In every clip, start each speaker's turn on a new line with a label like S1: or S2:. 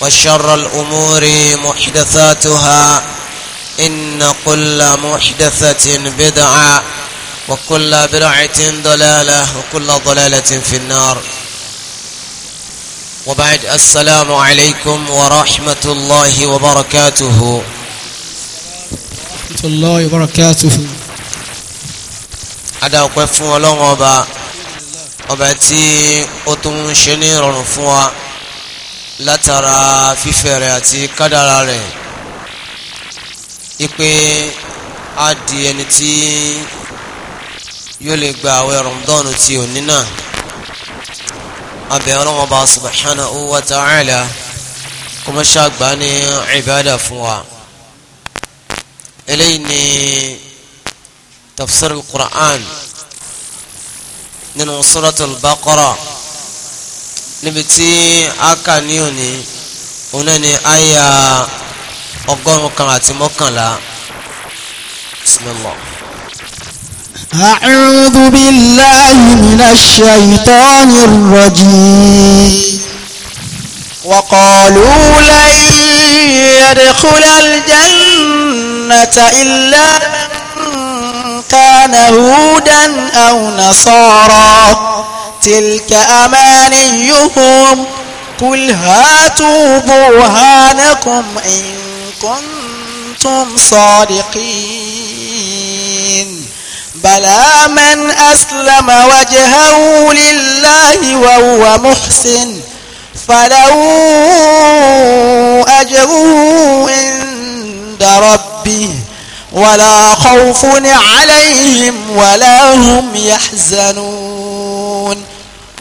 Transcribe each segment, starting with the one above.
S1: وشر الأمور محدثاتها إن كل محدثة بدعة وكل برعة ضلالة وكل ضلالة في النار وبعد السلام عليكم ورحمة الله وبركاته ورحمة
S2: الله وبركاته
S1: أدعو قفوا لهم أبا أبا تي أتم شنير فوا látara fífẹ́ rẹ̀ àti kádàrà rẹ̀ ipe á di ẹni tí yóò lè gba àwẹ̀ Ramadan ti òní náà abẹ Ọlọ́run Ọba subhanahu wa ta'ala kó má ṣàgbá ní ìbádà fún wa eléyìí ni tafsir quran nínú suratul Baqarah níbi tí a kà ní òní òun náà ni àyà ọgọ́rùn-ún kan àti mọ́kànlá
S3: أعوذ بالله من الشيطان الرجيم وقالوا لن يدخل الجنة إلا من كان هودا أو نصارى تلك أمانيهم قل هاتوا برهانكم إن كنتم صادقين بلى من أسلم وجهه لله وهو محسن فله أجره عند ربه ولا خوف عليهم ولا هم يحزنون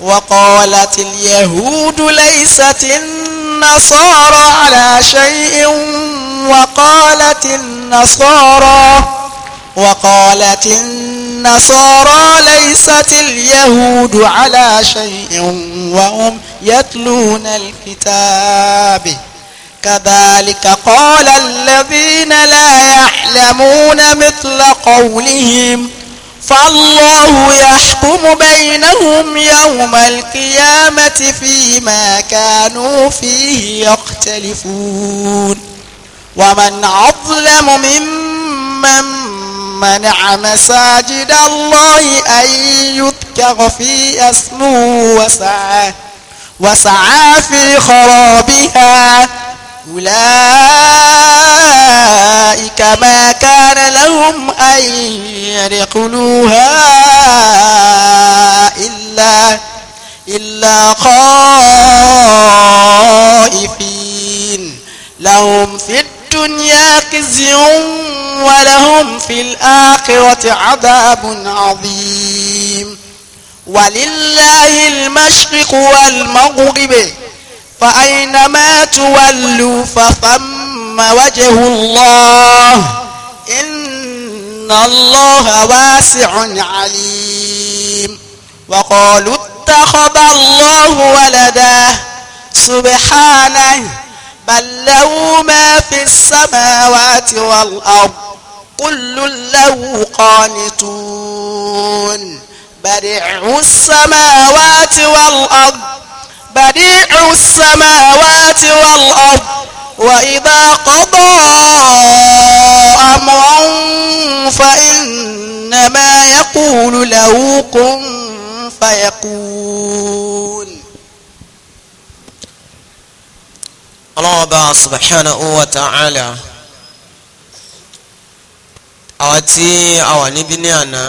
S3: وقالت اليهود ليست النصارى على شيء وقالت النصارى وقالت النصارى ليست اليهود على شيء وهم يتلون الكتاب كذلك قال الذين لا يعلمون مثل قولهم فالله يحكم بينهم يوم القيامة فيما كانوا فيه يختلفون ومن أظلم ممن منع مساجد الله أن يذكر في اسمه وسعى وسعى في خرابها أولئك ما كان لهم أن يدخلوها إلا إلا خائفين لهم في الدنيا خزي ولهم في الآخرة عذاب عظيم ولله المشرق والمغرب فأينما تولوا فثم وجه الله إن الله واسع عليم وقالوا اتخذ الله ولدا سبحانه بل له ما في السماوات والأرض كل له قانتون برع السماوات والأرض بديع السماوات والأرض وإذا قضى أمرا فإنما يقول له كن فيكون
S1: الله أبا سبحانه وتعالى àwọn tí a wà níbí ní àná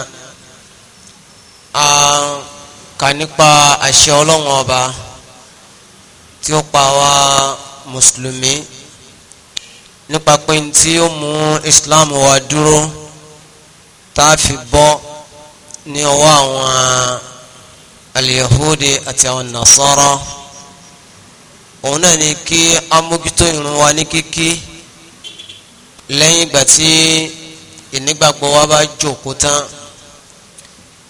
S1: a kà nípa àṣẹ ọlọ́run ọba tí ó pa wá mùsùlùmí nípa pé tí ó mú islam wa dúró tá a fi bọ́ ní ọwọ́ àwọn aliyahudi àti àwọn nasara òun náà ni kí amójútó ìrun wa ní kíkí lẹ́yìn ìgbà tí ìnígbàgbọ́ wa bá jókòó tán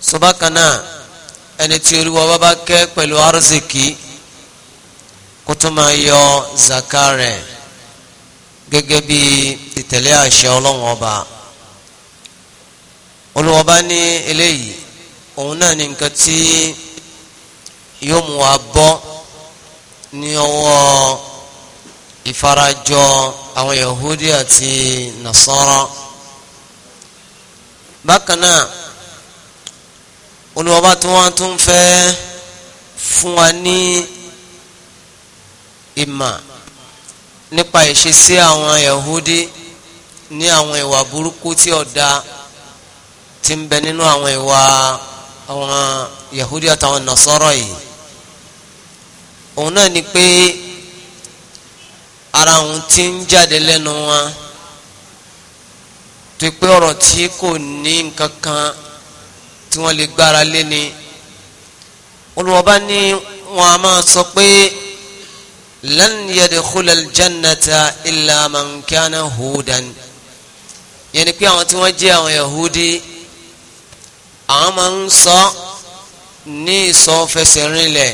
S1: sọ bákan náà ẹni tí orí wa bá bá kẹ́ pẹ̀lú arziki kó tún máa yọ zaka rẹ̀ gẹ́gẹ́ bí ìtẹ̀lé àṣẹ ọlọ́run ọba olùwọ́ba ní eléyìí òun náà ní nǹkan tí yóò mú wa bọ́ ní ọwọ́ ìfarajọ àwọn Yahudi àti Nasara bákan náà olùwọ́ba tí wọ́n tún fẹ́ fún wa ní ìmọ̀ nípa ìṣesí àwọn Yahudi ní àwọn ìwà burúkú tí ọ̀dà ti ń bẹ nínú àwọn ìwà àwọn Yahudi àtàwọn Nasara yìí òun náà ni pé ara òun ti ń jáde lẹ́nu wọn tó pé ọ̀rọ̀ tí kò ní nǹkan kan tí wọ́n lè gbára lé ni olùwọ́ba ní wọn a máa sọ pé lan yadkhula aljannata illa man kana hudan yẹn ni pé àwọn tí wọ́n jẹ́ àwọn yahudi àwọn máa ń sọ ní ìsọfẹsẹ̀rinlẹ̀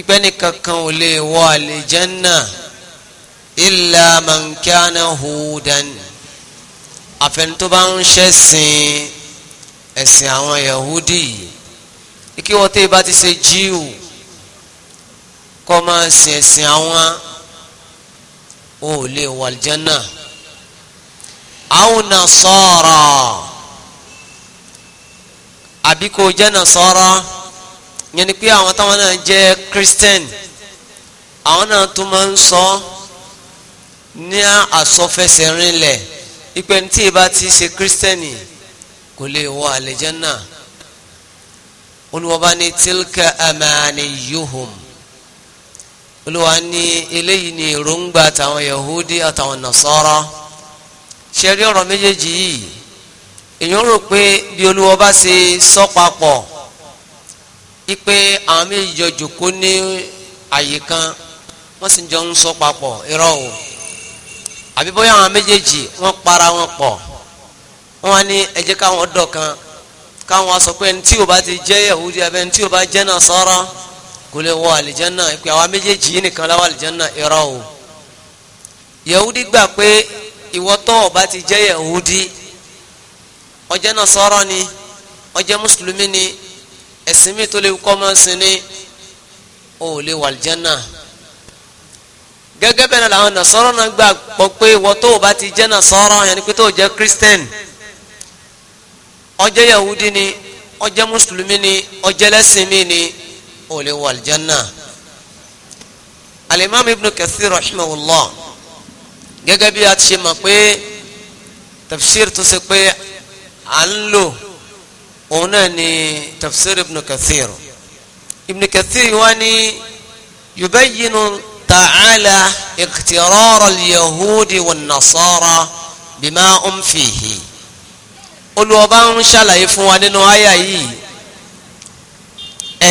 S1: ìpẹ́ nìkankan ò lè wọ àlìjánná illa man kana hudan àfẹni tó bá ń ṣẹ̀sìn ẹ̀sìn àwọn yahudi yìí bá ti ṣe jíù kọ́ máa sìn ẹ̀sìn àwọn wọn ò lè wọ àlìjánà àwọn nasara àbí kò jẹ́ nasara yẹn ni pé àwọn táwọn náà jẹ́ christian àwọn náà tún máa ń sọ ní àsọfẹsẹ̀rinlẹ̀ ipe ní tí ìbá ti ṣe kírísítẹ́nì kò lè wọ àlẹ́jẹ́ náà olùwọ́ba ní tilka amani yuhum olúwa ni eléyìí ní èròǹgbà àtàwọn yahudi àtàwọn nasara ṣe rí ọ̀rọ̀ méjèèjì yìí èèyàn rò pé bí olúwa bá ṣe sọ papọ̀ ipe àwọn méjì jọ jòkó ní àyè kan wọ́n sì jọ ń sọ papọ̀ irọ́ o àbí bóyá àwọn méjèèjì wọ́n para wọn pọ̀ wọ́n ní ẹ káwọn ọ̀dọ́ kan káwọn sọ pé ẹni o bá ti jẹ́ yahudi àbí ẹni o bá jẹ́ nasara kò lè wọ àlìjánná ìpè àwa méjèèjì yìí nìkan láwọn àlìjánná irọ́ o yahudi gbà pé ìwọ tó bá ti jẹ́ yahudi ó jẹ́ Nasara ni ó jẹ́ mùsùlùmí ni ẹ̀sìn mi tó lè kọ́ máa ń sin ni ó lè wọ àlìjánná gẹ́gẹ́ bẹ́ẹ̀ náà làwọn Nasara náà gbà pọ̀ pé ìwọ tó ti jẹ́ Nasara yẹn ni pé tó jẹ́ Christian ó yahudi ni ó jẹ́ ni ó jẹ́ mi ni ó lè wọ àlìjánà alimami ibn kathir rahimahullah gẹ́gẹ́ bí a ti ṣe mọ̀ pé tafsir tó ṣe pé à ń lò òun náà ni tafsir ibn kathir ibn kathir wá ní yubayyinu ta'ala iqtirar yahudi wan-nasara bima um fihi olùwọ́ba ń ṣàlàyé fún wa nínú àyà yìí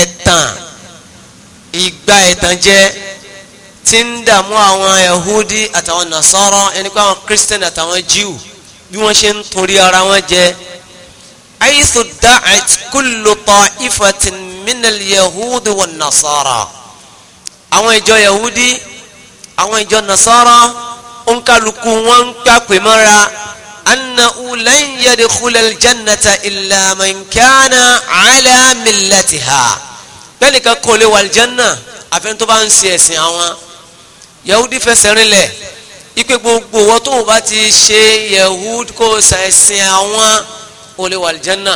S1: ẹ̀tàn ìgbà ìtànjẹ tí ń dààmú àwọn yahudi àtàwọn nasara ẹni pé àwọn christian àtàwọn jew bí wọ́n ṣe ń torí ara wọn jẹ aisu da'at kullu ta'ifatin minal yahudi wan nasara àwọn ìjọ yahudi àwọn ìjọ nasara onkaluku wọn ń pàpè mọ́ra annahu lan yadkhulal jannata illa man kana ala bẹ́ẹ̀ nìkan kò lè wọ àlìjẹ́nà àfẹn tó bá ń ṣe ẹ̀sìn àwọn yahudi fẹsẹ̀ rinlẹ̀ ipe gbogbo wọn tó wọn bá ti ṣe yahud kó ṣàìsìn àwọn ò lè wọ àlìjẹ́nà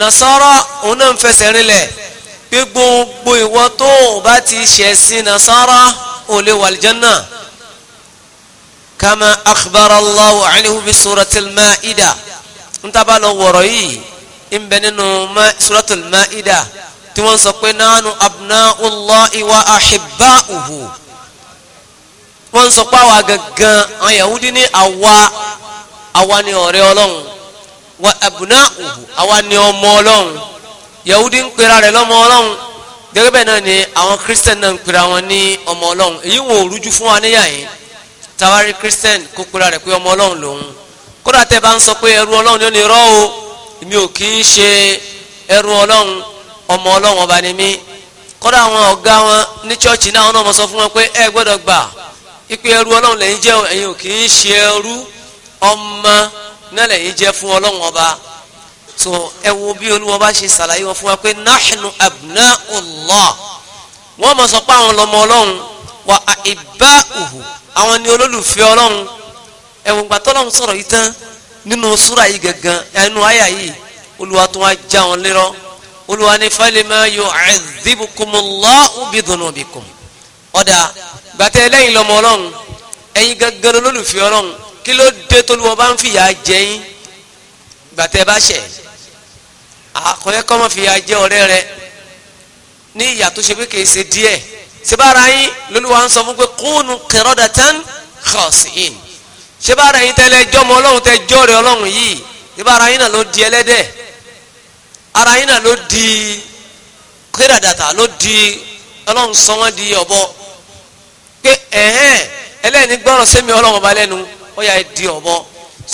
S1: nasara òun náà ń fẹsẹ̀ rinlẹ̀ pé gbogbo ìwọ tó wọn bá ti ṣẹ̀sìn nasara ò lè wọ àlìjẹ́nà kama akhbara allahu anhu fi suratul ma'ida n ta bá lọ wọ̀rọ̀ yìí ń bẹ nínú suratul ma'ida tí wọ́n sọ pé nánú abnaullahi wa ahibba'uhu wọ́n sọ pé àwa gangan àwọn Yahudi ní àwa àwa ni ọ̀rẹ́ ọlọ́run wa abnauhu àwa ni ọmọ ọlọ́run Yahudi ń pera rẹ̀ lọ́mọ ọlọ́run gẹ́gẹ́ bẹ́ẹ̀ náà ni àwọn Christian náà ń pera wọn ní ọmọ ọlọ́run èyí wọn ò rújú fún wa níyà yìí tawari Christian kó pera rẹ̀ pé ọmọ ọlọ́run lòun kódà tẹ́ bá ń sọ pé ẹrú ọlọ́run ni ó rọ́ o èmi ò kì í ṣe ẹrú ọlọ́run ọmọ ọlọ́run ọba ni mí kọ́dọ̀ àwọn ọ̀gá wọn ní chọ́ọ̀chì náà wọn náà mọ̀ sọ fún wọn pé ẹ gbọ́dọ̀ gbà ipe ẹrú ọlọ́run lẹ́yìn jẹ́ ẹ̀yin ò kì í ṣe ẹrú ọmọ náà lẹ́yìn jẹ́ fún ọlọ́run ọba so ẹ wo bí olúwa bá ṣe ṣàlàyé wọn fún wa pé nahnu abna'ullah wọ́n mọ̀ sọ pé àwọn lọ́mọ ọlọ́run wà ahibba'uhu àwọn ni olólùfẹ́ ọlọ́run ẹ̀wọ̀n gbàtọ́ ọlọ́run sọ̀rọ̀ yìí tán nínú olùwà ní falima yu'adhibukumullahu bidhunubikum ọ̀dà gbàtẹ́ lẹ́yìn lọ́mọ ọlọ́run ẹ̀yin gangan olólùfẹ́ ọlọ́run kí ló dé tolúwọ́ bá ń fìyà jẹ yín gbàtẹ́ bá ṣẹ̀ àkọ́yẹ́ kọ́mọ fìyà jẹ ọ̀rẹ́ rẹ ní ìyà tó ṣe pé kìí ṣe díẹ̀ sebára yín lolúwa ń sọ fún pé kúnnù qiradatan khasi'in sebára yín tẹ́lẹ̀ jọ́mọ ọlọ́run tẹ́ jọ́ọ̀rẹ́ ọlọ́run yìí sebára yín náà ló di ẹlẹ́dẹ̀ẹ́ ara yín náà ló di kírádàtà ló di ọlọ́run sọ wọ́n di ọ̀bọ pé ẹ̀hẹ́n ẹlẹ́ni gbọ́rọ̀ sẹ́mi ọlọ́run ọba lẹ́nu ó yà di ọ̀bọ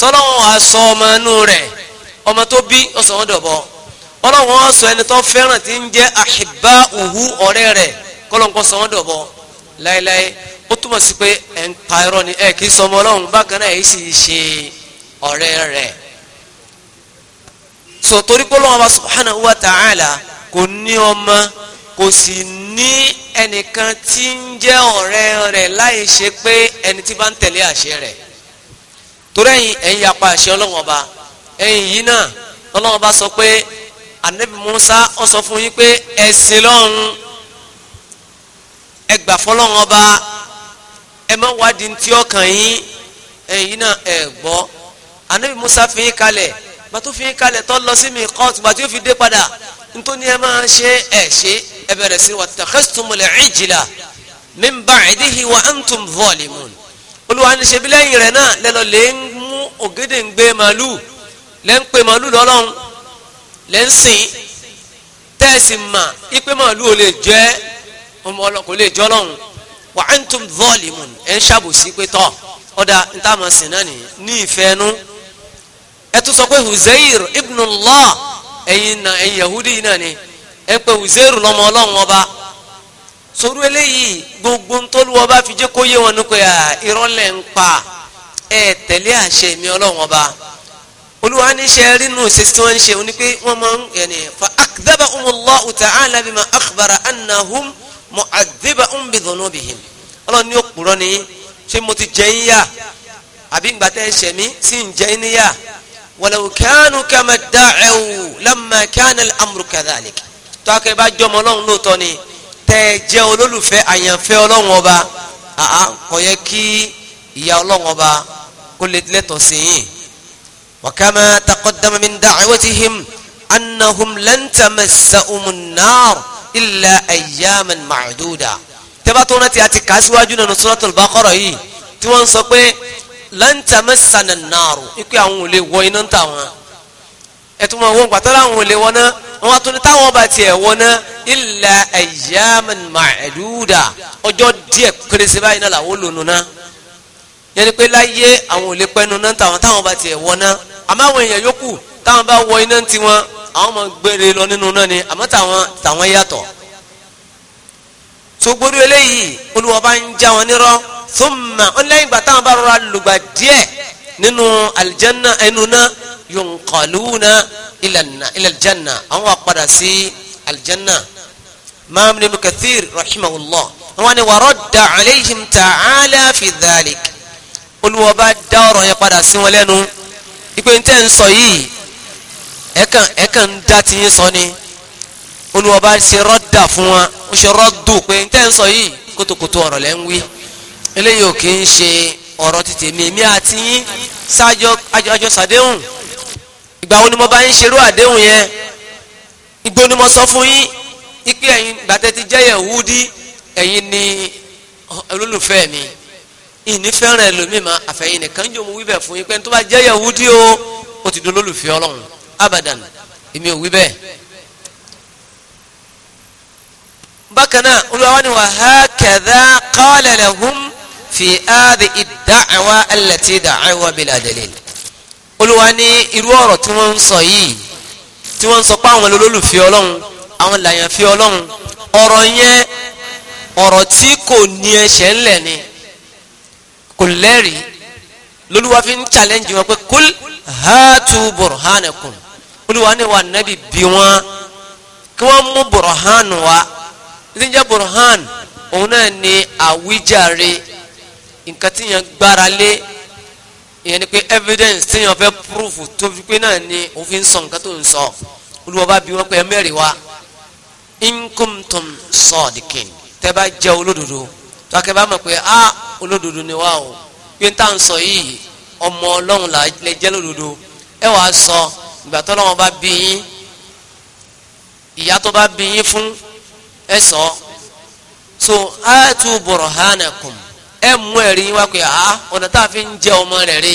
S1: sọlọ́run á sọ ọmọ inú rẹ̀ ọmọ tó bí ó sọ wọ́n dọ̀bọ ọlọ́run á sọ ẹni tó fẹ́ràn tí ń jẹ́ àhìbá òwú ọ̀rẹ́ rẹ̀ kọ́lọ́nkọ́ sọ wọ́n dọ̀bọ láéláé ó túmọ̀ sí pé ẹ̀ ń pa irọ́ ni ẹ̀ kì í sọ ọmọ ọlọ́run bákan náà èyí sì ṣe ọ̀rẹ́ rẹ̀ so torí pé Ọlọ́hun wa ta'ala kò ní ọmọ kò sì ní ẹnìkan tí ń jẹ́ ọ̀rẹ́ rẹ̀ láì ṣe pé ẹni tí bá ń tẹ̀lé àṣẹ rẹ̀ torí ẹ̀yin ẹ̀yin yapa àṣẹ Ọlọ́hun Ọba ẹ̀yin yìí náà Ọlọ́hun Ọba sọ pé anabi Musa ó sọ fún yín pé ẹ̀sìn lọ́hùn ẹgbà fọlọ́hun Ọba ẹ má wádìí ti ọkàn yín ẹ̀yin náà ẹ̀ gbọ́ anabi Musa fi yín kalẹ̀ gbà tó fi kalẹ̀ tó lọ sí mi kọ́ọ̀tù gbà tí ó fi dé padà nítorí ẹ máa ṣe ẹ ṣe ẹ bẹ̀rẹ̀ sí wattakhastumul ijla min ba'dihi wa antum zalimun olúwa ní ṣe bí lẹ́yìn rẹ̀ náà lẹ́lọ lè ń mú ògèdè ń gbé màálù lẹ́ ń pe màálù lọ́lọ́run lẹ́ ń sìn tẹ́ẹ̀sì mà ipe màálù ò lè jẹ́ ọmọ lè jọ́ lọ́run wa antum zalimun ẹ̀ ń ṣàbòsí pé tọ́ ọ̀dà ń náà ní ìfẹ́ nú ẹ tún sọ pé Huzair ibn Allah ẹ̀yin na ẹ̀yin Yahudi yìí náà ni ẹ pé Huzair lọ́mọ ọlọ́run ọba sọ̀rọ̀ eléyìí gbogbo ntọ́lùwọ́ bá fi jẹ́ kó yé wọn ní pé ìrọ́lẹ̀ ń pa ẹ tẹ̀lé àṣẹ mi ọlọ́run ọba olúwa ní ṣe rínú ṣe tí wọ́n ń ṣe ní pé wọ́n máa ń yẹnì fa akdhabahumullahu ta'ala bima akhbara annahum mu'adhibahum bidhunubihim ọlọ́run ní òpùrọ́ ni ṣé mo ti jẹ́ ń yá àbí ìgbà tẹ́ ṣẹ̀mí sí ń jẹ́ ń níyà walaw kanu kama da'u lamma kana al-amru kadhalik tó a kẹ́ bá jọ ọmọ ọlọ́run lóòótọ́ ni tẹ́ ẹ jẹ́ olólùfẹ́ àyànfẹ́ ọlọ́run ọba àá kò yẹ kí ìyà ọlọ́run ọba kó lè lẹ́tọ̀ sí yìí. wa kama taqaddama min da'watihim annahum lan tamassahum an-nar illa ayyaman ma'duda tẹ́ bá tó rántí àti kàá síwájú nínú suratul baqara yìí tí wọ́n ń sọ pé lan tamassana an-nar ipe àwọn ò lè wọ iná ń tà wọn ẹtùmọ̀ àwọn gbàtọ́ láwọn ò lè wọ náà wọn á tún ní táwọn bá tiẹ̀ wọ náà illa ayyaman ma'duda ọjọ́ díẹ̀ pérése báyìí náà làwọn lò nù náà yẹn ni pé láyé àwọn ò lè pẹ́ nu náà táwọn táwọn bá tiẹ̀ wọ náà àmọ́ àwọn èèyàn yòókù táwọn bá wọ iná ti wọn àwọn ọmọ gbére lọ nínú náà ni àmọ́ táwọn táwọn yàtọ̀ sogbodo eléyìí olùwọ́ bá ń já wọn nírọ́ thumma ọ̀nlẹ́yìn ìgbà táwọn bá rọra lùgbà díẹ̀ nínú aljanna ẹnu náà yunqaluna ila aljanna àwọn wà padà sí aljanna maam nínú kathir rahimahullah wọn ni waradda alayhim ta'ala fi dhalik Olúwa bá dá ọ̀rọ̀ yẹn padà sí wọn lẹ́nu ìpè ń tẹ́ ń sọ yìí ẹ̀kan ẹ̀kan ń dá ti yín sọ ni Olúwa bá ṣe rọ́dà fún wa ó ṣe rọ́dù pé ń tẹ́ ń sọ yìí kótókótó ọ̀rọ̀ lẹ́ ń wí eléyìí ò kí ń ṣe ọ̀rọ̀ ti tèmi èmi àti yín ṣáájọ àjọ sàdéhùn ìgbà wo ni mo bá ń ṣerú àdéhùn yẹn ìgbó ni mo sọ fún yín ipe ẹ̀yin gbàtẹ́ ti jẹ́ Yẹ̀húdí ẹ̀yin ni olólùfẹ́ mi ìní fẹ́ràn ẹlòmíì ma àfẹ́yìn nìkan ń jò mú wíbẹ̀ fún yín pé tó bá jẹ́ Yẹ̀húdí o ó ti dolólùfẹ́ Ọlọ́run abadan èmi ò wí bẹ́ẹ̀. bákan náà olùwàwọ́ ni wàhálà kẹ̀dá qala lahum fi áàdì ìdáàwá allati da'awa bila dalil olúwa ní irú ọ̀rọ̀ tí wọ́n ń sọ yìí tí wọ́n ń sọ pé àwọn olólùfẹ́ ọlọ́run àwọn làyàn fi ọlọ́run ọ̀rọ̀ yẹn ọ̀rọ̀ tí kò ní ẹsẹ̀ ńlẹ̀ ni kò lẹ́rìí lolúwa fi ń challenge wọn pé kul hatu burhanakum olúwa ní wa nàbì bí wọn kí wọ́n mú burhan wa ní jẹ́ burhan òun náà ní àwíjàre nǹkan tí yẹn gbára lé ìyẹn ni pé evidence tí yẹn fẹ́ proof tó pé náà ni òfin sọ nǹkan tó ń sọ olúwa bá bí wọn pé mẹ́rin wa in kuntum sadiqin tẹ́ bá jẹ́ olódodo tó akẹ́ bá mọ̀ pé a olódodo ni wa o pé n tá à ń sọ yìí ọmọ ọlọ́run lè jẹ́ lódodo ẹ wàá sọ ìgbà tó lọ́wọ́ bá bí yín ìyá tó bá bí yín fún ẹ sọ so atu burhanakum ẹ mú ẹ̀rí yín wá pé a ọ̀nà tá a fi ń jẹ ọmọ rẹ̀ rè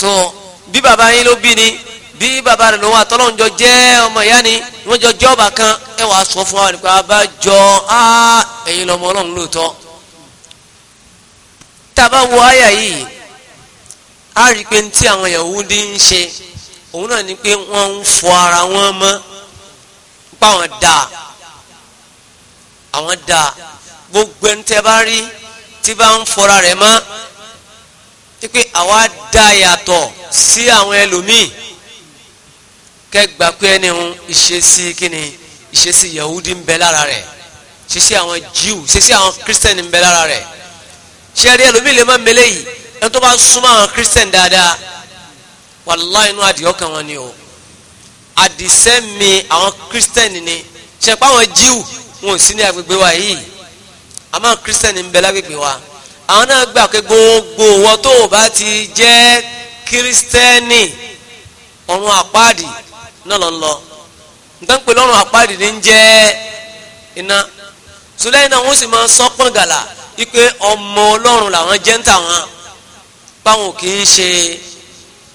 S1: so bí baba yín ló bí ni bí baba rẹ̀ ló wà tọ́lọ́run jọ jẹ́ ọmọ ìyá ni wọ́n jọ jọ́ọ̀bà kan ẹ wàá sọ fún wa nípa abájọ a ẹ̀yin lọ́mọ ọlọ́run lóòótọ́ tá a bá wo àyà yìí a rí i pé tí àwọn Yahudi ń ṣe òun náà ni pé wọ́n ń fọ ara wọn mọ́ pa àwọn dáa àwọn dáa gbogbo ẹni tẹ́ bá rí tí bá ń fọra rẹ̀ mọ́ pípé àwa dá yàtọ̀ sí àwọn ẹlòmíì kẹgbà pé ẹni hun ìṣesí kíni ìṣesí yahudi ń bẹ lára rẹ̀ ṣíṣe àwọn Jew ṣíṣe àwọn Christian ń bẹ lára rẹ̀ ṣe rí ẹlòmíì lè má mele yìí ẹni tó bá súnmọ́ àwọn Christian dáadáa wàláhì inú adìyọ kan wọn ni o àdìsẹ́ mi àwọn Christian ni ṣe pa àwọn Jew wọn ò sí ní agbègbè wa yìí àmọ́ kírísítẹ́nì ń bẹ lágbègbè wa àwọn náà gbà pé gbogbo wọn tó o bá ti jẹ́ kírísítẹ́nì ọ̀run àpáàdì náà lọ lọ nǹkan pẹ̀lú ọ̀run àpáàdì ní ń jẹ́ iná sùlẹ́yìn náà wọ́n sì máa sọ pọ́n gàlà wípé ọmọ ọlọ́run làwọn jẹ́ ń báwọn kì í ṣe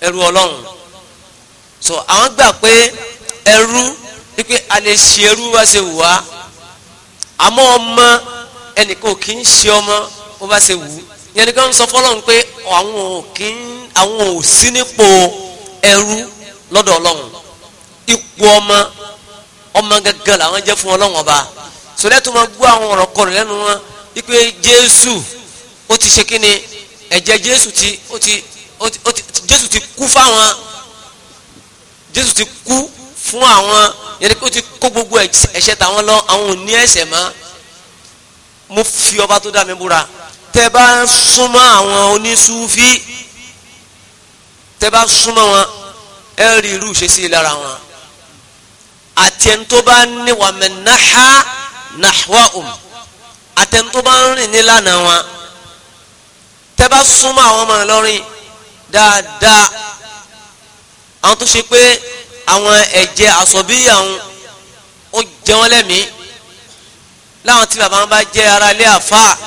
S1: ẹrú ọlọ́run so àwọn gbà pé ẹrú wípé a lè ṣe ẹrú wá ṣe wù wá àmọ́ ọmọ ẹnìkan ò kí ń ṣe ọmọ bó bá ṣe wù ú yẹn nìkan ń sọ fọlọ́run pé àwọn ò kí ń àwọn ò sí nípò ẹrú lọ́dọ̀ ọlọ́run ipò ọmọ ọmọ gangan làwọn jẹ́ fún ọlọ́run ọba sọlẹ́ tó máa gbọ́ àwọn ọ̀rọ̀ kọ̀rọ̀ lẹ́nu wọn wípé jésù ó ti ṣe kíni ẹ̀jẹ̀ jésù ti ó ti ó ti jésù ti kú fáwọn jésù ti kú fún àwọn yẹn ni ó ti kó gbogbo ẹ̀ṣẹ̀ tàwọn lọ àwọn ò ní ẹ̀ṣẹ̀ mọ́ mo fi ọba tó dá mi búra tẹ bá ń súnmọ́ àwọn onísúfí tẹ bá súnmọ́ wọn ẹ rí irú ìṣesí lára wọn àti ẹni tó bá ní wàmẹ̀náhà nàhwá òm àti ẹni tó bá ń rìn nílànà wọn tẹ bá súnmọ́ àwọn ọmọ Ìlọrin dáadáa àwọn tó ṣe pé àwọn ẹ̀jẹ̀ àsọ̀bíyà ó jẹ lẹ́mìí láwọn tí bàbá wọn bá jẹ́ ara ilé àfa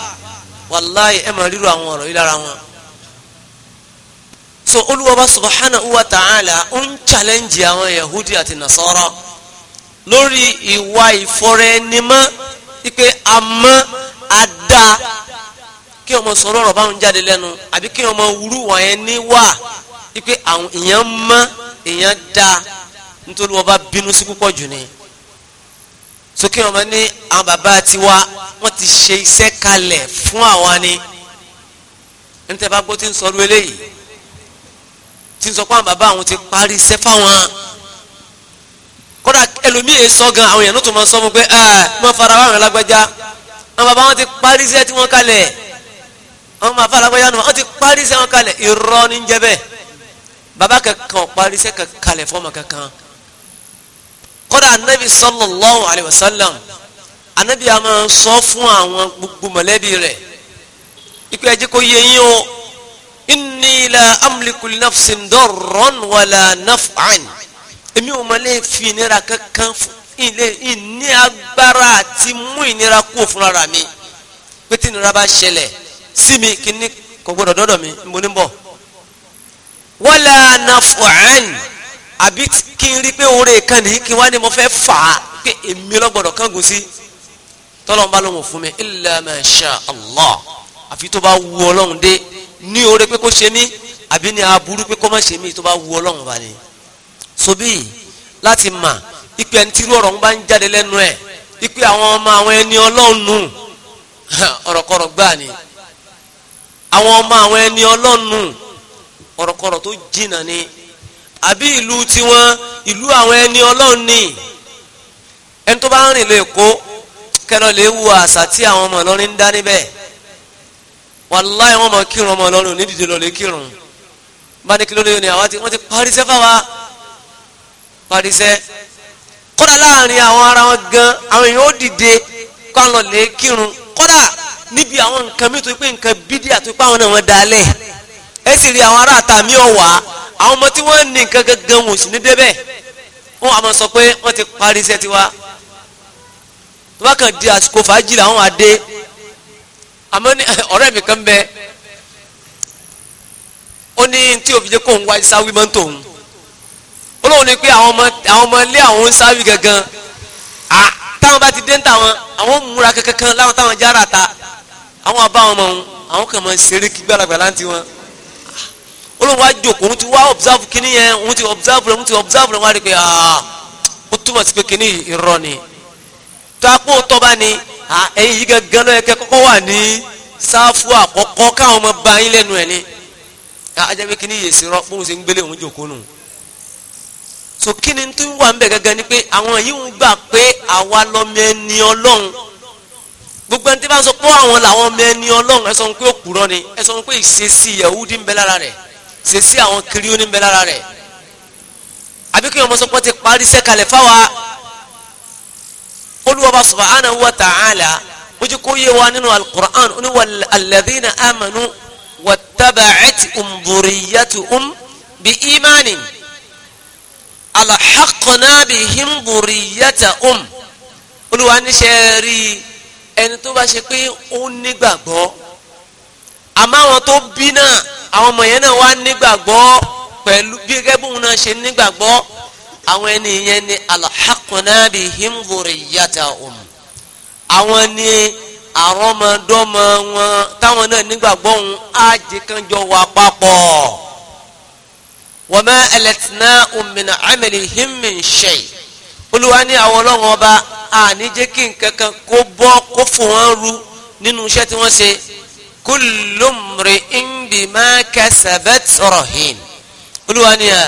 S1: wàláyé ẹ̀ máa ríru àwọn ọ̀rọ̀ yìí lára wọn. so olúwọba subhanahu wa ta'ala ń challenge àwọn yahudi àti nasara lórí ìwà ìfọrẹ́nimọ́ ipe àmọ́ àdá kí ọmọ sọ̀rọ̀ ọ̀rọ̀ báwọn jáde lẹ́nu àbí kí ọmọ wúrú wọn yẹn ní ipe àwọn èèyàn mọ́ èèyàn dá nítorí wọn bá bínú sí púpọ̀ jù ni sókè ọmọ ní àwọn bàbá tiwa wọn ti ṣe iṣẹ́ kalẹ̀ fún àwọn ni níta bá gbọ́ tí ń sọ̀rọ̀ eléyìí tí ń sọ pé àwọn bàbá àwọn ti parí iṣẹ́ fáwọn kódà ẹlòmíì sọ gan àwọn èèyàn tó máa sọ fún pé ẹ mọ fara wà wọn lágbájá àwọn bàbá wọn ti parí iṣẹ́ tí wọn kalẹ̀ àwọn máa fara lágbájá nù wọn ti parí iṣẹ́ wọn kalẹ̀ irọ́ ní jẹ́ bẹ́ẹ̀ bàbá kankan parí iṣẹ́ kalẹ̀ fọmọ kankan kọ́dà anabi sallallahu alayhi wa sallam anabi a máa sọ fún àwọn gbogbo mọ̀lẹ́bí rẹ̀ ikú ẹjẹ́ kó yẹ yín o inni la amliku nafsin darran wala naf'an èmi ò máa lè fi ìnira kankan ilé ìní agbára àti mú ìnira kú fún ara mi pé tí bá ṣẹlẹ̀ sí mi kò gbọdọ̀ dọ́dọ̀ mi mo ní bọ̀ wala naf'an àbí kí n rí pé oore kan nìyí kí n wá ní mo fẹ́ fà á pé èmi lọ́gbọ̀dọ̀ kángun sí tọ́lọ́n bá lóun fún mi illa Allah àfi tó bá wu ọlọ́run dé ní oore pé kó ṣe mí àbí ní aburú pé kó má ṣe mí tó bá wu ọlọ́run bá ní. sobi láti mà ipe ẹni tí irú ọ̀rọ̀ ń bá ń jáde lẹ́nu ẹ̀ ipe àwọn ọmọ àwọn ẹni ọlọ́run nù ọ̀rọ̀kọ̀rọ̀ gbáà ni àwọn ọmọ àwọn ẹni ọlọ́run nù ọ̀rọ̀kọ̀rọ̀ tó jìnnà ni àbí ìlú tiwọn ìlú àwọn ẹni ọlọ́run ni ẹni tó bá ń rìn lè kó kẹlọ lè wo àṣà tí àwọn ọmọ ọlọ́rin ń dá níbẹ̀ wàláì wọn mọ kírun ọmọ ọlọ́run nídìde lọ lè kírun bá ní kí ló lóyún ni àwọn ti wọ́n ti parisẹ́ fáwa parisẹ́ kódà láàrin àwọn ara wọn gan àwọn èèyàn ó dìde kó àwọn lè kírun kódà níbi àwọn nǹkan mi tó pé nǹkan bídíà tó pé àwọn náà wọn dalẹ̀ ẹ sì rí àwọn ará àtàmì ọ̀wà àwọn ọmọ tí wọ́n ní nǹkan gangan wò sí ní débẹ̀ wọ́n àmọ́ sọ pé wọ́n ti parí iṣẹ́ tiwa tó bá kàn di àsìkò fàájì làwọn adé àmọ́ ní ọ̀rẹ́ mi kan bẹ ó ní tí òbí jẹ́ kó ń wá sáwí mọ́ tòun ó lóun ní pé àwọn ọmọ àwọn ọmọ ilé àwọn ń sáwí gangan táwọn bá ti dé ń tà wọn àwọn múra kankan láwọn táwọn jára ta àwọn abá wọn mọ̀ wọn àwọn kan mọ̀ ṣeré kí láǹtí wọn olóhùn wá jòkó òun ti wá observe kínní yẹn òun ti observe rẹ̀ òun ti observe rẹ̀ wọ́n á rí pé ah, ó túmọ̀ sí pé kínní irọ́ ni tó tọ́ba ni ah, ẹ̀yin yìí gangan lọ́yẹ kẹ́ kọ́kọ́ wà ní sáfù àkọ́kọ́ káwọn ọmọ bá yín lẹ́nu ẹ̀ ni ajá kínní yèsí rọ bóun ṣe ń gbélé òun jòkó nù so kínní tó ń wà ń bẹ̀ gangan ni pé àwọn yìí ń gbà pé àwa lọ́mọ ẹni ọlọ́run gbogbo ẹni tí bá ń sọ pé àwọn làwọn ọmọ ẹni ọlọ́run ẹ sọ pé òkúrọ́ ni ẹ sọ pé ìṣesí Yahudi ń bẹ lára rẹ̀ sèse àwọn kiri ó ní bẹ lára rẹ̀ àbí kí ọmọ sọ pé ti parí sẹ́kalẹ̀ fáwa olùwàbà subhanahu wa ta'ala ó jẹ́ kó yé wa nínú al-Qur'an ó ní walladhina amanu wattaba'athum dhurriyyatuhum biimanin alhaqna bihim dhurriyyatahum olùwà níṣẹ́ rí ẹni tó bá ṣe pé ó nígbàgbọ́ àmọ́ àwọn tó bí náà àwọn ọmọ yẹn náà wá nígbàgbọ́ pẹ̀lú bí gẹ́gẹ́ bóun náà ṣe nígbàgbọ́ àwọn ẹni yẹn ni alhaqna bihim dhurriyyatahum àwọn ni àrọ́mọdọ́mọ wọn táwọn náà nígbàgbọ́ òun á jẹ kán jọ papọ̀ wa ma alatnahum min amalihim min shay olúwa àwọn ọlọ́run ọba àníjẹ́ kí kó bọ́ kó fún wọn rú nínú iṣẹ́ tí wọ́n ṣe kullu mri'in bima kasabat rahin olúwa ni à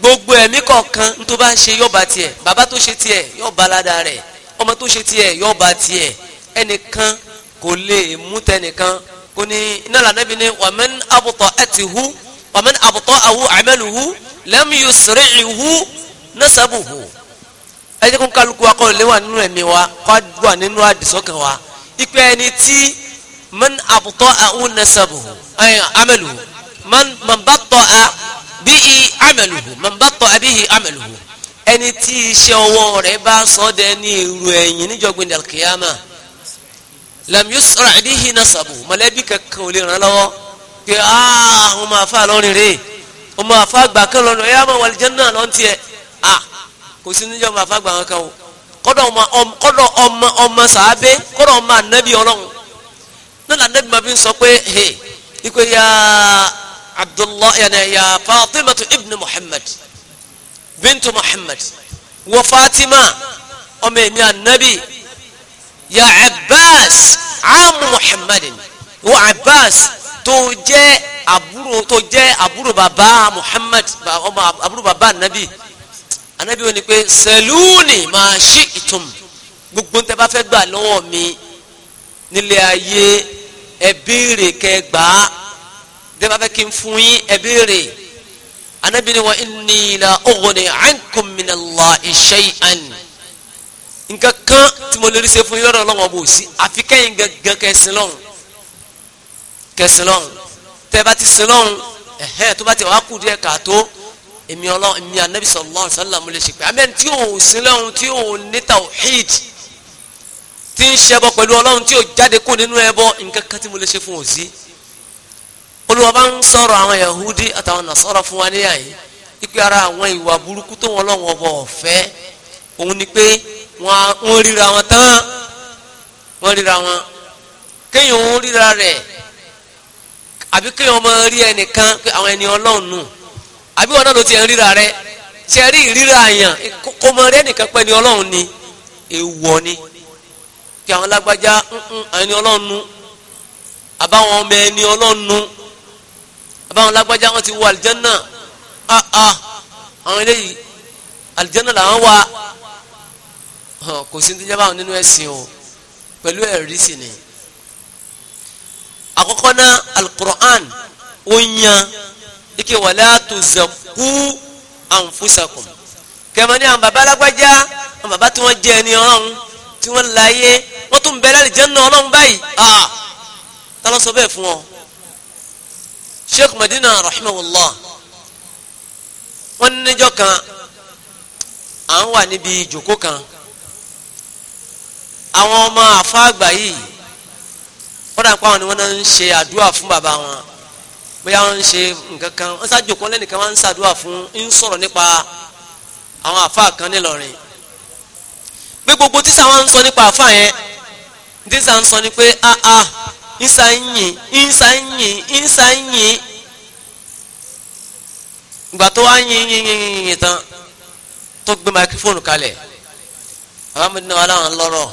S1: gbogbo ẹ̀mí kọ̀ọ̀kan tó bá ń ṣe yọba tiẹ̀ bàbá tó ṣe tiẹ̀ yọba ládàá rẹ̀ ọmọ tó ṣe tiẹ̀ yọba tiẹ̀ ẹnìkan kò lè mú tẹnìkan kò ní iná lànà bí ní waman abta'athu waman abta'ahu 'amaluhu lam yusri'hu nasabuhu ẹni kó kálukú wa kọ́ lè wà nínú ẹ̀mí wa kọ́ wà nínú àdìsọ́kàn wa ìpè ẹni tí من أبطأ نسبه أي عمله من من بطأ به عمله من بطأ به عمله ẹni tí iṣẹ́ ọwọ́ rẹ̀ bá sọ ọ́ dẹ ní irú ẹ̀yìn níjọ́gbìn dàlkìyàmà lam yusra' bihi nasabu mọ̀lẹ́bí kankan ò lè ràn án lọ́wọ́ pé àwọn ah, máa fa lọ́rin rè wọ́n máa fa gbà kan lọ́rin ẹ̀yà máa wà aljanna lọ́n tiẹ̀ à ah, kò sí níjọ́ máa fa gbà kan o kọ́dọ̀ ọmọ ọmọ sàábé kọ́dọ̀ ọmọ ànábì ọlọ́run náà lànàbí máa fi ń sọ pé he ikú ya abdullahi yana ya fatimatu ibn muhammad bintu muhammad wọ fatima ọmọ èmi ànábì ya abbas amu muhammadin wọ abbas tó jẹ́ àbúrò tó jẹ́ àbúrò bàbá muhammad ọmọ àbúrò bàbá ànábì ànábì wọ́n ní pé sẹlúùnì máa ṣí ìtum gbogbo ń bá fẹ́ gbà lọ́wọ́ mi nílé ayé ẹ béèrè kẹ́ gbà á dẹ́gbà bẹ́ẹ̀ kí n fún yín ẹ anabi ni wa inni la ughni ankum min Allahi shay'an nǹkan kan tí mo lè rí ṣe fún yín lọ́dọ̀ Ọlọ́run bò sí àfi kẹ́yìn gangan kẹsìn lọ́hùn kẹsìn lọ́hùn tẹ́ bá ti sin lọ́hùn ẹ̀hẹ́n tó bá ti wàá kù díẹ̀ kàtó èmi Ọlọ́run èmi anabi sallallahu alaihi wasallam lè ṣe pé amẹ́ni tí òun sin lọ́hùn tí òun ní tawhid tí ń ṣẹbọ pẹ̀lú ọlọ́run tí ò jáde kó nínú ẹbọ nǹkan kan tí mo lè ṣe fún òsí olùwà bá ń sọ̀rọ̀ àwọn yahudi àtàwọn nasọ́rọ̀ fún wa níyà yìí ipe ara àwọn ìwà burúkú tó wọn lọ́wọ́ ọbọ̀ ọ̀fẹ́ òun ni pé wọ́n ríra wọn tán wọ́n ríra wọn kéèyàn ń ríra rẹ̀ àbí kéèyàn máa rí ẹnìkan àwọn ẹni ọlọ́run nù àbí wọn náà ló ti ń ríra rẹ̀ ṣe rí ìríra àyàn kó mọ rí ẹnìkan pẹ́ ni ọlọ́run ni èèwọ̀ ni kí àwọn lágbájá ẹni ọlọ́nu àbáwọn ọmọ ẹni ọlọ́nu àbáwọn lágbájá wọn ti wọ àlìjánà áá àwọn eléyìí àlìjánà làwọn wà kò sí ní jábàwọn nínú ẹ̀sìn o pẹ̀lú ẹ̀rí sì ni àkọ́kọ́ náà alukur'an ó yan ike wala tuzakku anfusakum kẹmọ ní àwọn baba lágbájá àwọn baba tí wọ́n jẹ́ ẹni ọ̀rọ̀ tí wọ́n láyé ń bẹ lálẹ́ jẹ́nu ọlọ́run báyìí aa ta ló sọ bẹ́ẹ̀ fún ọ sheikh madina rahimahullah wọ́n níjọ́ kan à ń wà níbi ìjòkó kan àwọn ọmọ àfáàgbà yìí wọ́n dà ń pa àwọn ni wọ́n náà ń ṣe àdúrà fún bàbá wọn bóyá wọ́n ń ṣe nǹkan kan wọ́n sá jòkó lẹ́nìkan wọ́n ń ṣàdúrà fún ń sọ̀rọ̀ nípa àwọn àfáà kan nílọrin pé gbogbo tíṣà wọn ń sọ nípa àfáà yẹn dísà ń sọ ni pé áá ah, ah, ìsà ń yìn ìsà ń yìn ìsà ń yìn ìgbà tó wá yìn yìn yìn yìn yìn tán tó gbé máikrófóònù kalẹ̀ àwọn ọmọdé náà wà láwọn lọ́rọ̀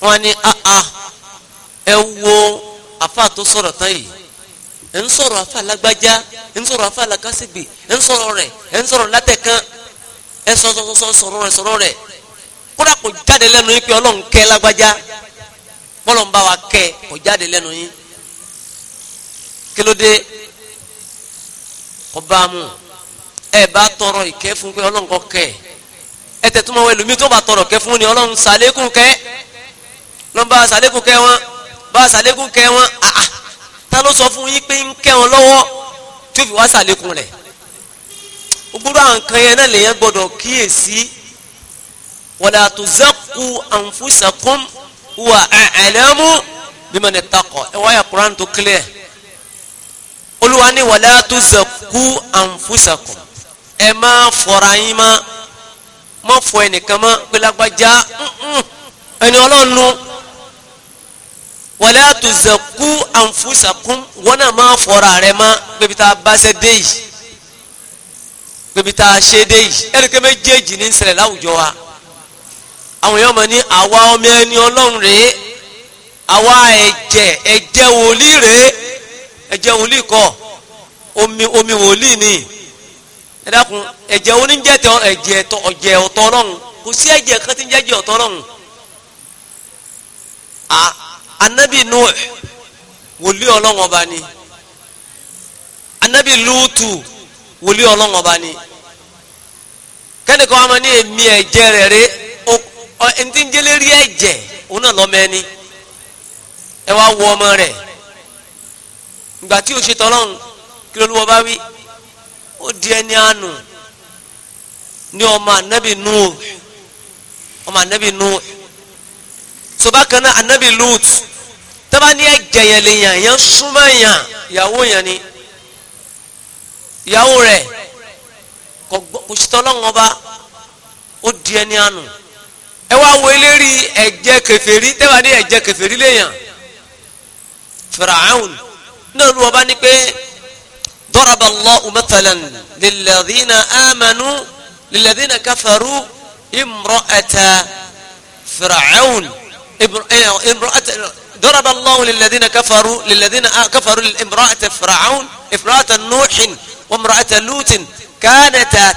S1: wọ́n ní áá ah, ẹ wo àfa tó sọ̀rọ̀ tán yìí ẹ ń sọ̀rọ̀ àfa lágbájá ẹ ń sọ̀rọ̀ àfa làkàṣègbè ẹ ń sọ̀rọ̀ rẹ̀ ẹ ń sọ̀rọ̀ látẹ̀kán ẹ sọ̀rọ̀ rẹ̀ sọ̀rọ̀ rẹ̀ kódà kò jáde lẹ́nu yín pé ọlọ́run kẹ́ lágbájá bọ́lọ̀ ń bá wa kẹ́ kò jáde lẹ́nu yín kí ló dé kò bá a mú ẹ bá tọrọ ìkẹ́ fún pé ọlọ́run kọ́ kẹ́ ẹ tẹ̀ tó mọ wẹ́n lómi tó bá tọrọ kẹ́ fún ni ọlọ́run sàlékún kẹ́ lọ́n bá sàlékún kẹ́ wọn bá sàlékún kẹ́ wọn ah, ah. ta ló sọ fún yín pé ń kẹ́ wọn lọ́wọ́ tí ó fi wá sàlékún rẹ̀ gbogbo àwọn nǹkan yẹn náà lèyàn gbọ́dọ̀ kíyèsí wala tuzakku anfusakum huwa a'lamu biman ittaqa ẹ wáyà Qur'an tó clear olúwa ní wala tuzakku anfusakum ẹ má fọra yín má má fọ ẹnìkan má gbẹlagbàjá ẹni ọlọ́nu wala tuzakku anfusakum wọn náà má fọra rẹ má gbẹbi tá a bá ṣe dé yìí gbẹbi tá a ṣe dé yìí ẹnìkan méjèèjì ní ń ṣẹlẹ̀ láwùjọ wa àwọn èèyàn mọ̀ ní àwa ọmọ ẹni ọlọ́run rèé àwa ẹ̀jẹ̀ ẹ̀jẹ̀ wòlíì rèé ẹ̀jẹ̀ wòlíì kọ́ omi omi wòlíì ni ẹ dákun ẹ̀jẹ̀ oníjẹ tẹ ẹ̀jẹ̀ tọ ọ̀jẹ̀ ọ̀tọ̀ ọlọ́run kò sí ẹ̀jẹ̀ kan tí ń jẹ́jẹ̀ ọ̀tọ̀ ọlọ́run anabi nuh wòlíì ọlọ́run ọba ni anabi lutu wòlíì ọlọ́run ọba ni kẹ́nìkan wà máa ní èmi ẹ̀jẹ̀ rẹ̀ rèé ẹni tí ń jẹ́lé rí ẹ̀jẹ̀ òun náà lọ́mọ ẹni ẹ wá wọ ọmọ rẹ̀ ìgbà tí o ṣe tọ́lọ́run kí ló lúwọ́ bá wí ó di ẹni àánú ní ọmọ ànábì nù ọmọ ànábì nù so bákan náà lut tọ́ba ní ẹ̀jẹ̀ yẹn lè yàn yẹn súnmọ́ yàn ìyàwó yẹn ni ìyàwó rẹ̀ kò ṣètò ọlọ́run ọba ó di ẹni àánú. ẹ wá wo eléri ẹ̀jẹ̀ kèfèrí tẹ́wà ní ẹ̀jẹ̀ kèfèrí léèyàn Fir'aun náà ló wọ́n bá ní pé ضرب الله مثلا للذين آمنوا للذين كفروا امرأة فرعون امرأة ضرب الله للذين كفروا للذين كفروا امرأة فرعون امرأة نوح وامرأة لوط كانتا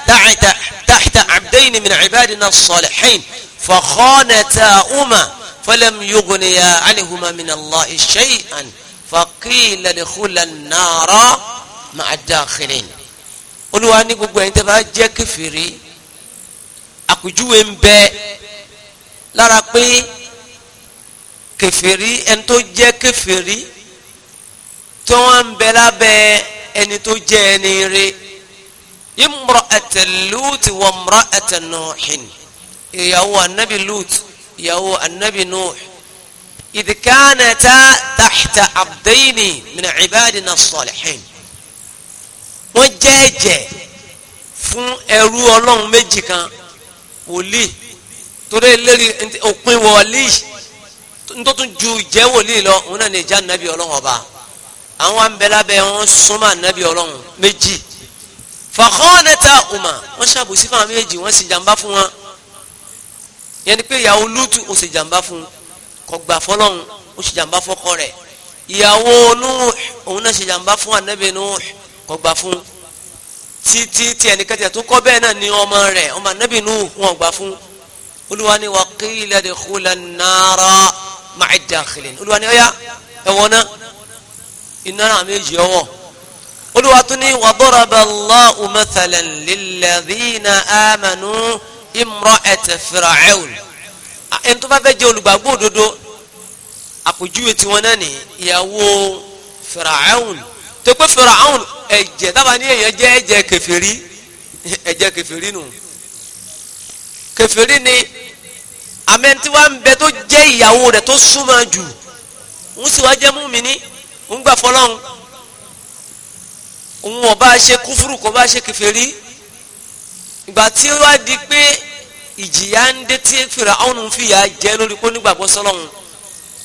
S1: تحت عبدين من عبادنا الصالحين فخانتا فلم يغنيا عنهما من الله شيئا فقيل لخل النار مع الداخلين اني قبوا انت فاجة كفري اكو جوين بي لاراقي كفري انتو جا كفري توان بلا بي انتو جانيري امرأة اللوت وامرأة نوحين ìyàwó anabi lut ìyàwó anabi nuh ìdíkánata tàxta abdayni min ibadina salihin wọ́n jẹ́ ẹ̀jẹ̀ fún ẹrú ọlọ́run méjì kan wòlíì torí eléri òpin wòlíì ntótún ju ìjẹ́ wòlíì lọ òun náà ní ìjà nàbí ọlọ́run ọba àwọn abẹ́lábẹ́ wọn súnmọ́ nàbí ọlọ́run méjì fàkọ́nẹ́ta ọmọ wọ́n ṣàbùsí fún àwọn méjì wọ́n sì jàǹbá fún wọn yẹn ni pé ìyàwó lútù ó ṣe jàǹbá fún un kò gbà fọlọ́hún ó ṣe jàǹbá fọkọ rẹ̀ ìyàwó Nuh òun náà ṣe jàǹbá fún ànábì Nuh kò gbà fún un títí tí ẹnìkan tó kọ́ bẹ́ẹ̀ náà ni ọmọ rẹ̀ ọmọ ànábì Nuh wọn gbà fún olúwa ni wà qila dukhula an-nara ma'a dakhilin olúwa ni ọ̀yà ẹ̀wọ̀n náà iná náà méjì ọwọ́ olúwa tún ní wa daraba Allahu mathalan imra'at Fir'aun ẹni tó bá fẹ́ jẹ́ olùgbàgbọ́ òdodo àpèjúwe tiwọn náà ní ìyàwó Fir'aun tó pé Fir'aun ẹ̀jẹ̀ tábà ní èèyàn jẹ́ ẹ̀jẹ̀ kèfèrí ẹ̀jẹ̀ kèfèrí nù kèfèrí ni amẹ́ntí wa ń bẹ tó jẹ́ ìyàwó rẹ̀ tó súnmọ́ jù ń sì wá jẹ́ mùmínì ń gbà fọlọ́run òun ọba ṣe kúfúrú ìgbà tí ó wá di pé ìjìyà ń dé tí Fir'aun ń fìyà jẹ lórí kó nígbàgbọ́ sọ́lọ́hún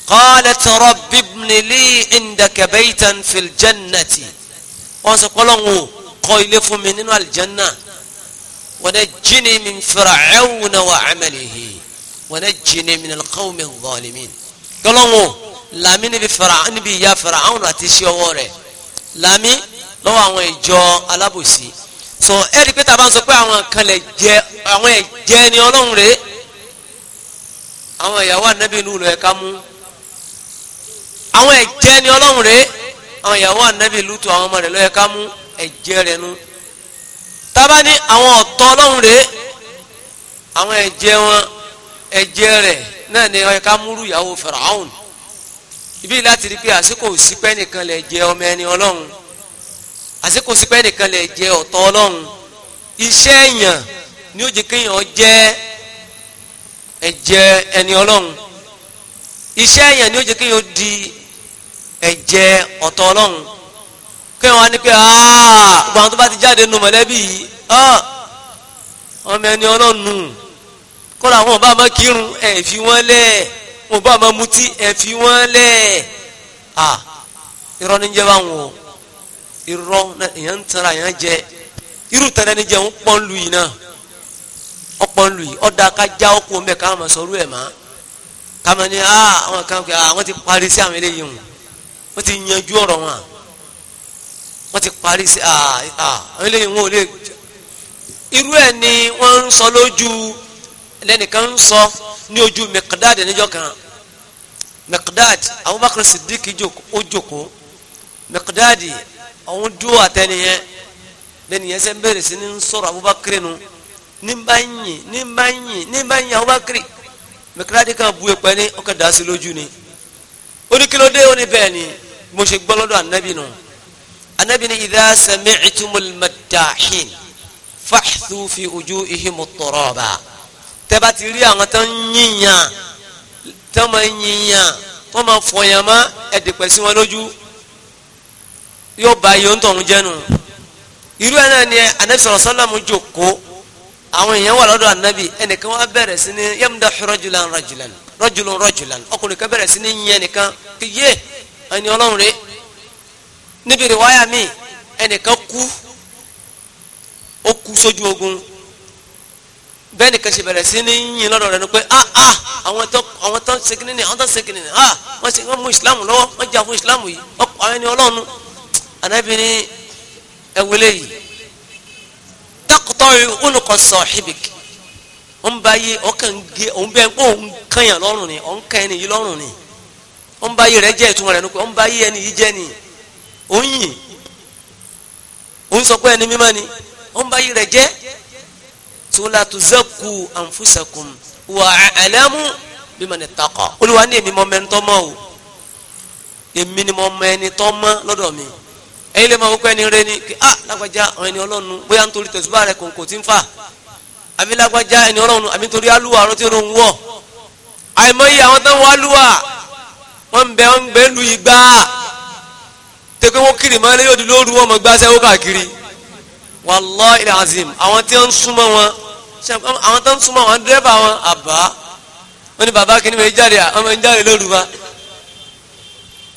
S1: qalat rabbi ibni li indaka baytan fil jannati wọ́n sọ pọ́lọ́hún o kọ́ ilé fún mi nínú àlìjánná wa najjini min Fir'auna wa 'amalihi wa najjini min al-qawmi adh-dhalimin gbọ́lọ́hún o làmì níbi ìyà Fir'aun àti iṣẹ́ ọwọ́ rẹ̀ làmì lọ́wọ́ àwọn ìjọ alábòsí so ẹ̀rí pé tàbá ń sọ pé àwọn kan lè jẹ àwọn ẹ̀jẹ̀ ni ọlọ́run rèé àwọn ìyàwó ànábì inú lọ ẹ̀ka mú àwọn ẹ̀jẹ̀ ni ọlọ́run rèé àwọn ìyàwó ànábì lùtù àwọn ọmọ rẹ̀ lọ ẹ̀ka mú ẹ̀jẹ̀ rẹ̀ nu tàbá ní àwọn ọ̀tọ̀ ọlọ́run rèé àwọn ẹ̀jẹ̀ wọn ẹ̀jẹ̀ rẹ̀ náà ni ẹ̀ka múrú ìyàwó Fáráò ibi láti rí pé àsìkò òsípẹ́ nìkan lè jẹ ọmọ ẹni ọlọ́run àsìkò sí pé ẹnìkan lè jẹ ọ̀tọ̀ ọlọ́run iṣẹ́ èèyàn ni ó jẹ kéèyàn jẹ ẹ̀jẹ̀ ẹni ọlọ́run iṣẹ́ èèyàn ni ó jẹ kéèyàn di ẹ̀jẹ̀ ọ̀tọ̀ ọlọ́run kéèyàn wá ní pé gbogbo àwọn tó bá ti jáde nu mọ̀lẹ́bí yìí ọmọ ẹni ọlọ́run nù kọ́ra àwọn ọba máa kírun ẹ̀ fi wọ́n lẹ̀ ọba máa mutí ẹ̀ fi wọ́n lẹ̀ irọ́ ní jẹ́ báwọn o irọ́ èèyàn ń tanra èèyàn jẹ irú tẹ̀lé ni jẹ ń pọ́n lu yìí náà ọ̀pọ̀ lu yìí ọ̀dà ká já ọkọ̀ mẹ́ ká máa sọ̀rọ̀ ẹ̀ má ká máa ní àwọn kan pé àwọn ti parí sí àwọn eléyìí hùn wọ́n ti yanjú ọ̀rọ̀ wọn wọ́n ti parí sí àwọn eléyìí wọn ò lè irú ẹ̀ ni wọ́n ń sọ lójú lẹ́nìkan ń sọ ní ojú Miqdad níjọ́ kan Miqdad Abubakar Siddiq ó jókòó Miqdad àwọn dúró àtẹnìyẹn lẹ́nìyẹn sẹ́ ń bẹ̀rẹ̀ sí ní ń sọ̀rọ̀ Abubakar nu ní bá ń yìn ní bá ń yìn ní bá ń yìn Abubakar mẹkìláàdì kan bu ẹ̀pẹ́ ní ọkọ̀ dà sí lójú ni ó ní kílódé ó ní bẹ́ẹ̀ ni mo ṣe gbọ́ lọ́dọ̀ anabi nu anabi ni idha sami'tumul maddahin fahthu fi wujuhihimut turaba tẹ́ ti rí àwọn tó ń yìnyàn tó ń yìnyàn tó máa fọyàn má ẹ̀dẹ̀pẹ̀ sí wọn lójú yóò ba iye ńtọ̀run jẹ́ nù irú ẹ̀ náà ni anabi sọ̀rọ̀ sálàmù jòkó àwọn èèyàn wà lọ́dọ̀ anabi ẹnìkan wá bẹ̀rẹ̀ sí ní yamda rajulan rajulan rajulan rajulan ọkùnrin kan bẹ̀rẹ̀ sí ní yẹn nìkan kì yé ẹni ọlọ́run rẹ̀ níbi rìwáyà mi ẹnìkan kú ó kú sójú ogun bẹ́ẹ̀ nìkan ṣe bẹ̀rẹ̀ sí ní yìn lọ́dọ̀ rẹ̀ ni pé ah ah àwọn tó àwọn tó ń segin ní àwọn tó ń segin ní ah wọ́n mú ìsìlámù lọ́wọ́ wọ́n jà fún ìsìlámù yìí àwọn ẹni ọlọ́run anabi ni ẹwẹlẹ yìí takọtọ olùkọ sọhibik ń bá yé ọkàn gé òun bẹ kó òun kànyàn lọ́rùn ni òun kàn ẹni yìí lọ́rùn ni ń bá yé rẹ jẹ ìtumọ̀ rẹ nípa ń bá yé ẹni yìí jẹ ni òun yìn òun sọ pé ẹni mímọ́ ni ń bá yé rẹ jẹ tó la tó zẹku ànfúsẹkùn wà ẹlẹmú bí mo ní takọ olùwà ní èmi o èmi ni mo mọ ẹni tọ́ mi ẹ̀yin lè máa wọ́pọ̀ ẹni rẹ ni kí ah lágbájá àwọn ẹni ọlọ́run bóyá nítorí tẹ̀síbá rẹ kòǹkò tí ń fà àbí lágbájá ẹni ọlọ́run àbí nítorí alúwa ọ̀rọ̀ tí ó wọ̀ àìmọye àwọn tó ń wọ alúwa wọ́n bẹ wọ́n ń lu ìgbà tẹ́kọ̀ wọ́n kiri máa lé yóò di lóru wọn mọ̀ gbá sẹ́wọ́ káàkiri wallahi alazim àwọn tí wọ́n ń súnmọ́ wọn àwọn tó ń súnmọ́ wọn dírẹ́fà wọn àbá wọ́n ní bàbá kìnnìún jáde àwọn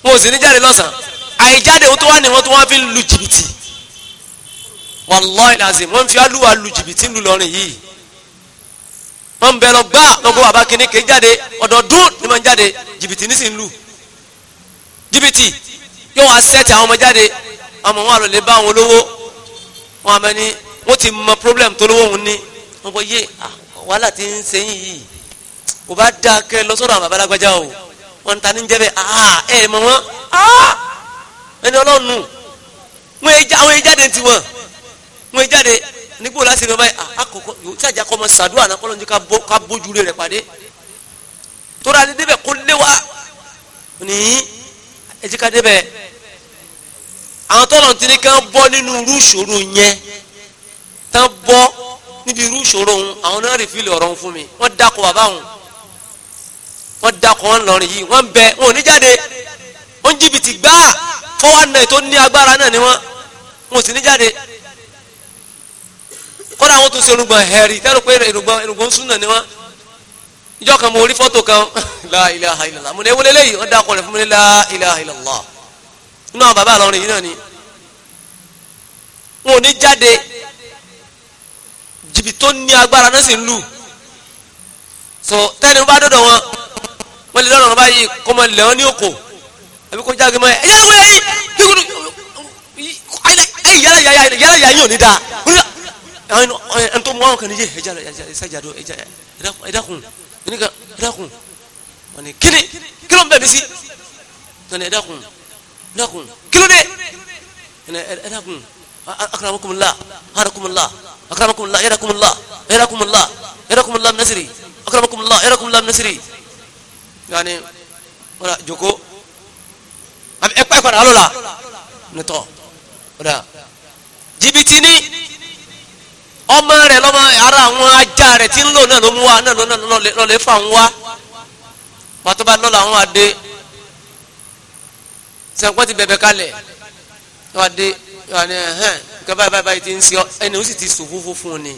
S1: wọn àìjáde ohun tó wà ní wọn tó wọn fi lu jìbìtì wallahi lazim wọn fi alúwa lu jìbìtì lu lọrin yìí wọn ń bẹ lọ gbá lọgbọ bàbá kínní kéé jáde ọdọọdún ni wọn jáde jìbìtì ní sì ń lu jìbìtì yóò wá sẹ́ẹ̀tì àwọn ọmọ jáde ọmọ wọn àlọ́ lè bá àwọn olówó wọn àmọ́ ni wọ́n ti mọ problem tó lówó òun ní wọ́n bọ yé wàhálà ti ń sẹ́yìn yìí kò bá dáa kẹ́ lọ sọ́dọ̀ àwọn babalágbájá o wọ́n ta ní jẹ́ bẹ́ẹ̀ ẹ̀ mọ̀ wọ́n ẹni ọlọ́nu wọn àwọn èyí jáde tiwọn wọn èyí jáde nígbò láti rìn báyìí ah, àkọ́kọ́ yòó tí àjà kọ́ ọmọ sàdúrà náà kọ́ ló ń jẹ́ ká bójú rẹ̀ pàdé tóra ní débẹ̀ kó lé wa ní ẹ jẹ́ ká débẹ̀ àwọn tọ́lọ̀ ti ní ká bọ́ nínú irú ìṣòro yẹn tán bọ́ níbi irú ìṣòro òun àwọn náà rí fílì ọ̀rọ̀ fún mi wọ́n dákọ̀ bàbá òun wọ́n dákọ̀ wọn lọ́rin yìí wọ́n bẹ wọn ò ní jáde ó ń jìbìtì gbáà fún wa nà ètò ní agbára náà ni wọ́n wọn ò sì ní jáde kódà wọ́n tún ṣe irùngbọ̀n hẹ̀rì tẹ́lẹ̀ pé irùngbọ̀n irùngbọ̀n súnà ni wọ́n ìjọ kan mo rí fọ́tò kan la ilaha illallah mo ní ewúlé lẹ́yìn ọ̀dà kọlẹ̀ fún mi ní la ilaha illallah inú àwọn bàbá àlọ́rin yìí náà ni wọn ò ní jáde jìbìtì tó ní agbára náà sì ń lù so tẹ́ni wọ́n bá dọ̀dọ̀ wọn wọ́n lè lọ́rọ̀ báyìí kọ́mọ lẹ́wọ́n ní òkò àbí kó jáde mọ́ ẹ yá wọlé
S2: yìí yàrá yàrá yàrá yàrá yìí ò ní dáa
S1: ẹn tó mú àwọn kan níyẹ ẹja ẹja ẹja ẹdákun ẹnìkan ẹdákun wọn ni kíni kí ló ń bẹ̀ mí sí wọn ni ẹdákun ẹdákun kí ló dé ẹdákun akramakumula harakumula akramakumula yarakumula yarakumula yarakumula nasiri akramakumula yarakumula nasiri yanni wala joko ẹ pẹ́ padà lọ́la nítọ́ ọ̀dà jìbìtì ni ọmọ rẹ̀ lọ́mọ ara àwọn ajá rẹ̀ tí ń lò náà ló mú wa náà lọ́lẹ̀ fà ń wá pàtó bá lọ́la àwọn adé sẹ́ńpọ́n ti bẹ̀bẹ̀ kalẹ̀ yóò adé yóò adé ẹ̀hẹ́n nǹkan báyìí báyìí ti ń ṣe ẹni ó sì ti sòfófó fún un ni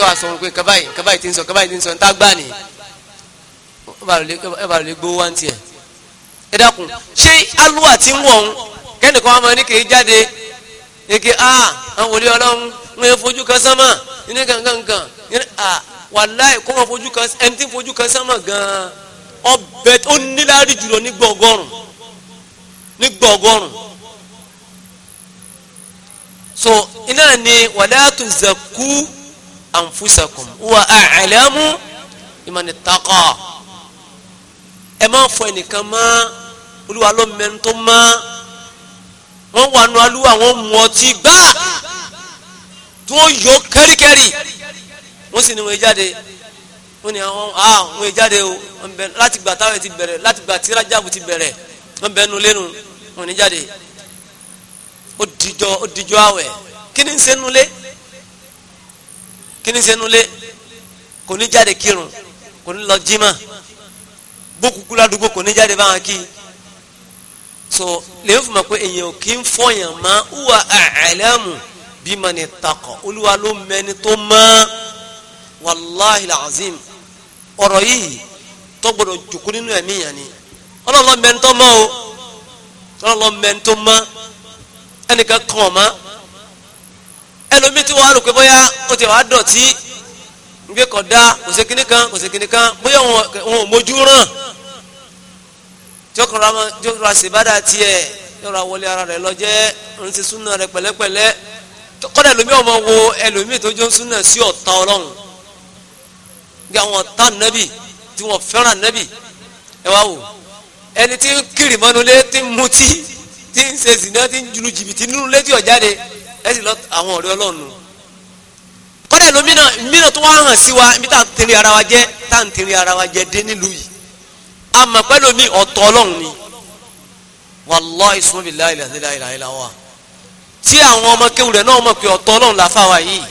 S1: yóò sọ wọn pé nǹkan báyìí nǹkan báyìí ti ń sọ nǹkan báyìí ti ń sọ ń tá gbà ní ẹ bá lè gbowó wá ń tiẹ̀ ẹ dákun ṣé alúwà tí ń wọ̀ ń kẹ́nìkan wà máa ní kèé jáde eke a ah, àwọn wòlíì ọlọ́run wọn yẹn fojú kan sánmà ní kankankan ah, wàláì kó wọn fojú kan ẹni tí ń fojú kan sánmà gan-an ọbẹ̀ ó níláàrí jùlọ ní gbọ̀ngọ̀rùn ní gbọ̀ngọ̀rùn so iná ni wàlá tuzakku anfusakum wa a'lamu ìmọ̀ ní takọ̀ ẹ máa fọ ẹnìkan máa olúwa ló mẹ́rin tó mọ́ wọ́n wà nù alúwa wọ́n mú ọtí gbá tí wọ́n yọ kẹ́ríkẹ́rí wọ́n sì ní wọ́n jáde wọ́n ní àwọn ah wọ́n jáde o láti gbà táwọn ti bẹ̀rẹ̀ láti gbà tí rájàbù ti bẹ̀rẹ̀ wọ́n bẹ̀ nu lẹ́nu wọ́n ní jáde ó dijọ́ ó dijọ́ àwẹ̀ kí ni ń ṣe nulẹ̀ kí ni ń ṣe nulẹ̀ kò ní jáde kírun kò ní lọ jimá gbókùkú ládùúgbò kò ní jáde báwọn kí i so lèyìn fún mi pé èyàn kì í fọyàn mọ́ wúwa àìlẹ́mù bí mà ní takọ̀ olúwa ló mẹ́ni tó mọ́ wàláhi làzim ọ̀rọ̀ yìí tó gbọdọ̀ jòkó nínú ẹ̀mí yẹn ni ọlọ́lọ́ mẹ́ni tó mọ́ o ọlọ́lọ́ mẹ́ni tó mọ́ ẹnìkan kan ọ̀ mọ́ ẹlòmí tí wọ́n rò pé bóyá ó ti wàá dọ̀tí nígbè kọ̀ dá kò sí bóyá wọn ò mójú ràn tí ó kọra tí ó kọra ṣèbádà tiẹ̀ tí ó kọra wọlé ara rẹ̀ lọ́jẹ́ ń ṣe súnà rẹ̀ pẹ̀lẹ́pẹ̀lẹ́ kọ́dà ẹlòmíì ọmọ wo ẹlòmíì tó jó ń súnà sí ọ̀tá ọlọ́run bí àwọn ọ̀tá nẹ́bì tí wọ́n fẹ́ràn nẹ́bì ẹ wá wò ẹni tí ń kiri mọ́nulé tí ń mutí tí ń ṣe zìnà tí ń julu jìbìtì nínú létí ọ̀jáde ẹ sì lọ àwọn ọ̀rẹ́ ọlọ́run nù kọ́dà ẹlòmíì náà mìíràn tó wá hàn sí wa ibi tá à ń ara wa jẹ́ tá à ń ara wa jẹ́ dé nílùú yìí àmọ́ pẹ́lú mi ọ̀tọ̀ ọlọ́run ni wàláhì sùnmí láìláìláìláìlá wa tí àwọn ọmọ kéwù rẹ̀ náà mọ̀ pé ọ̀tọ̀ ọlọ́run làfa wa yìí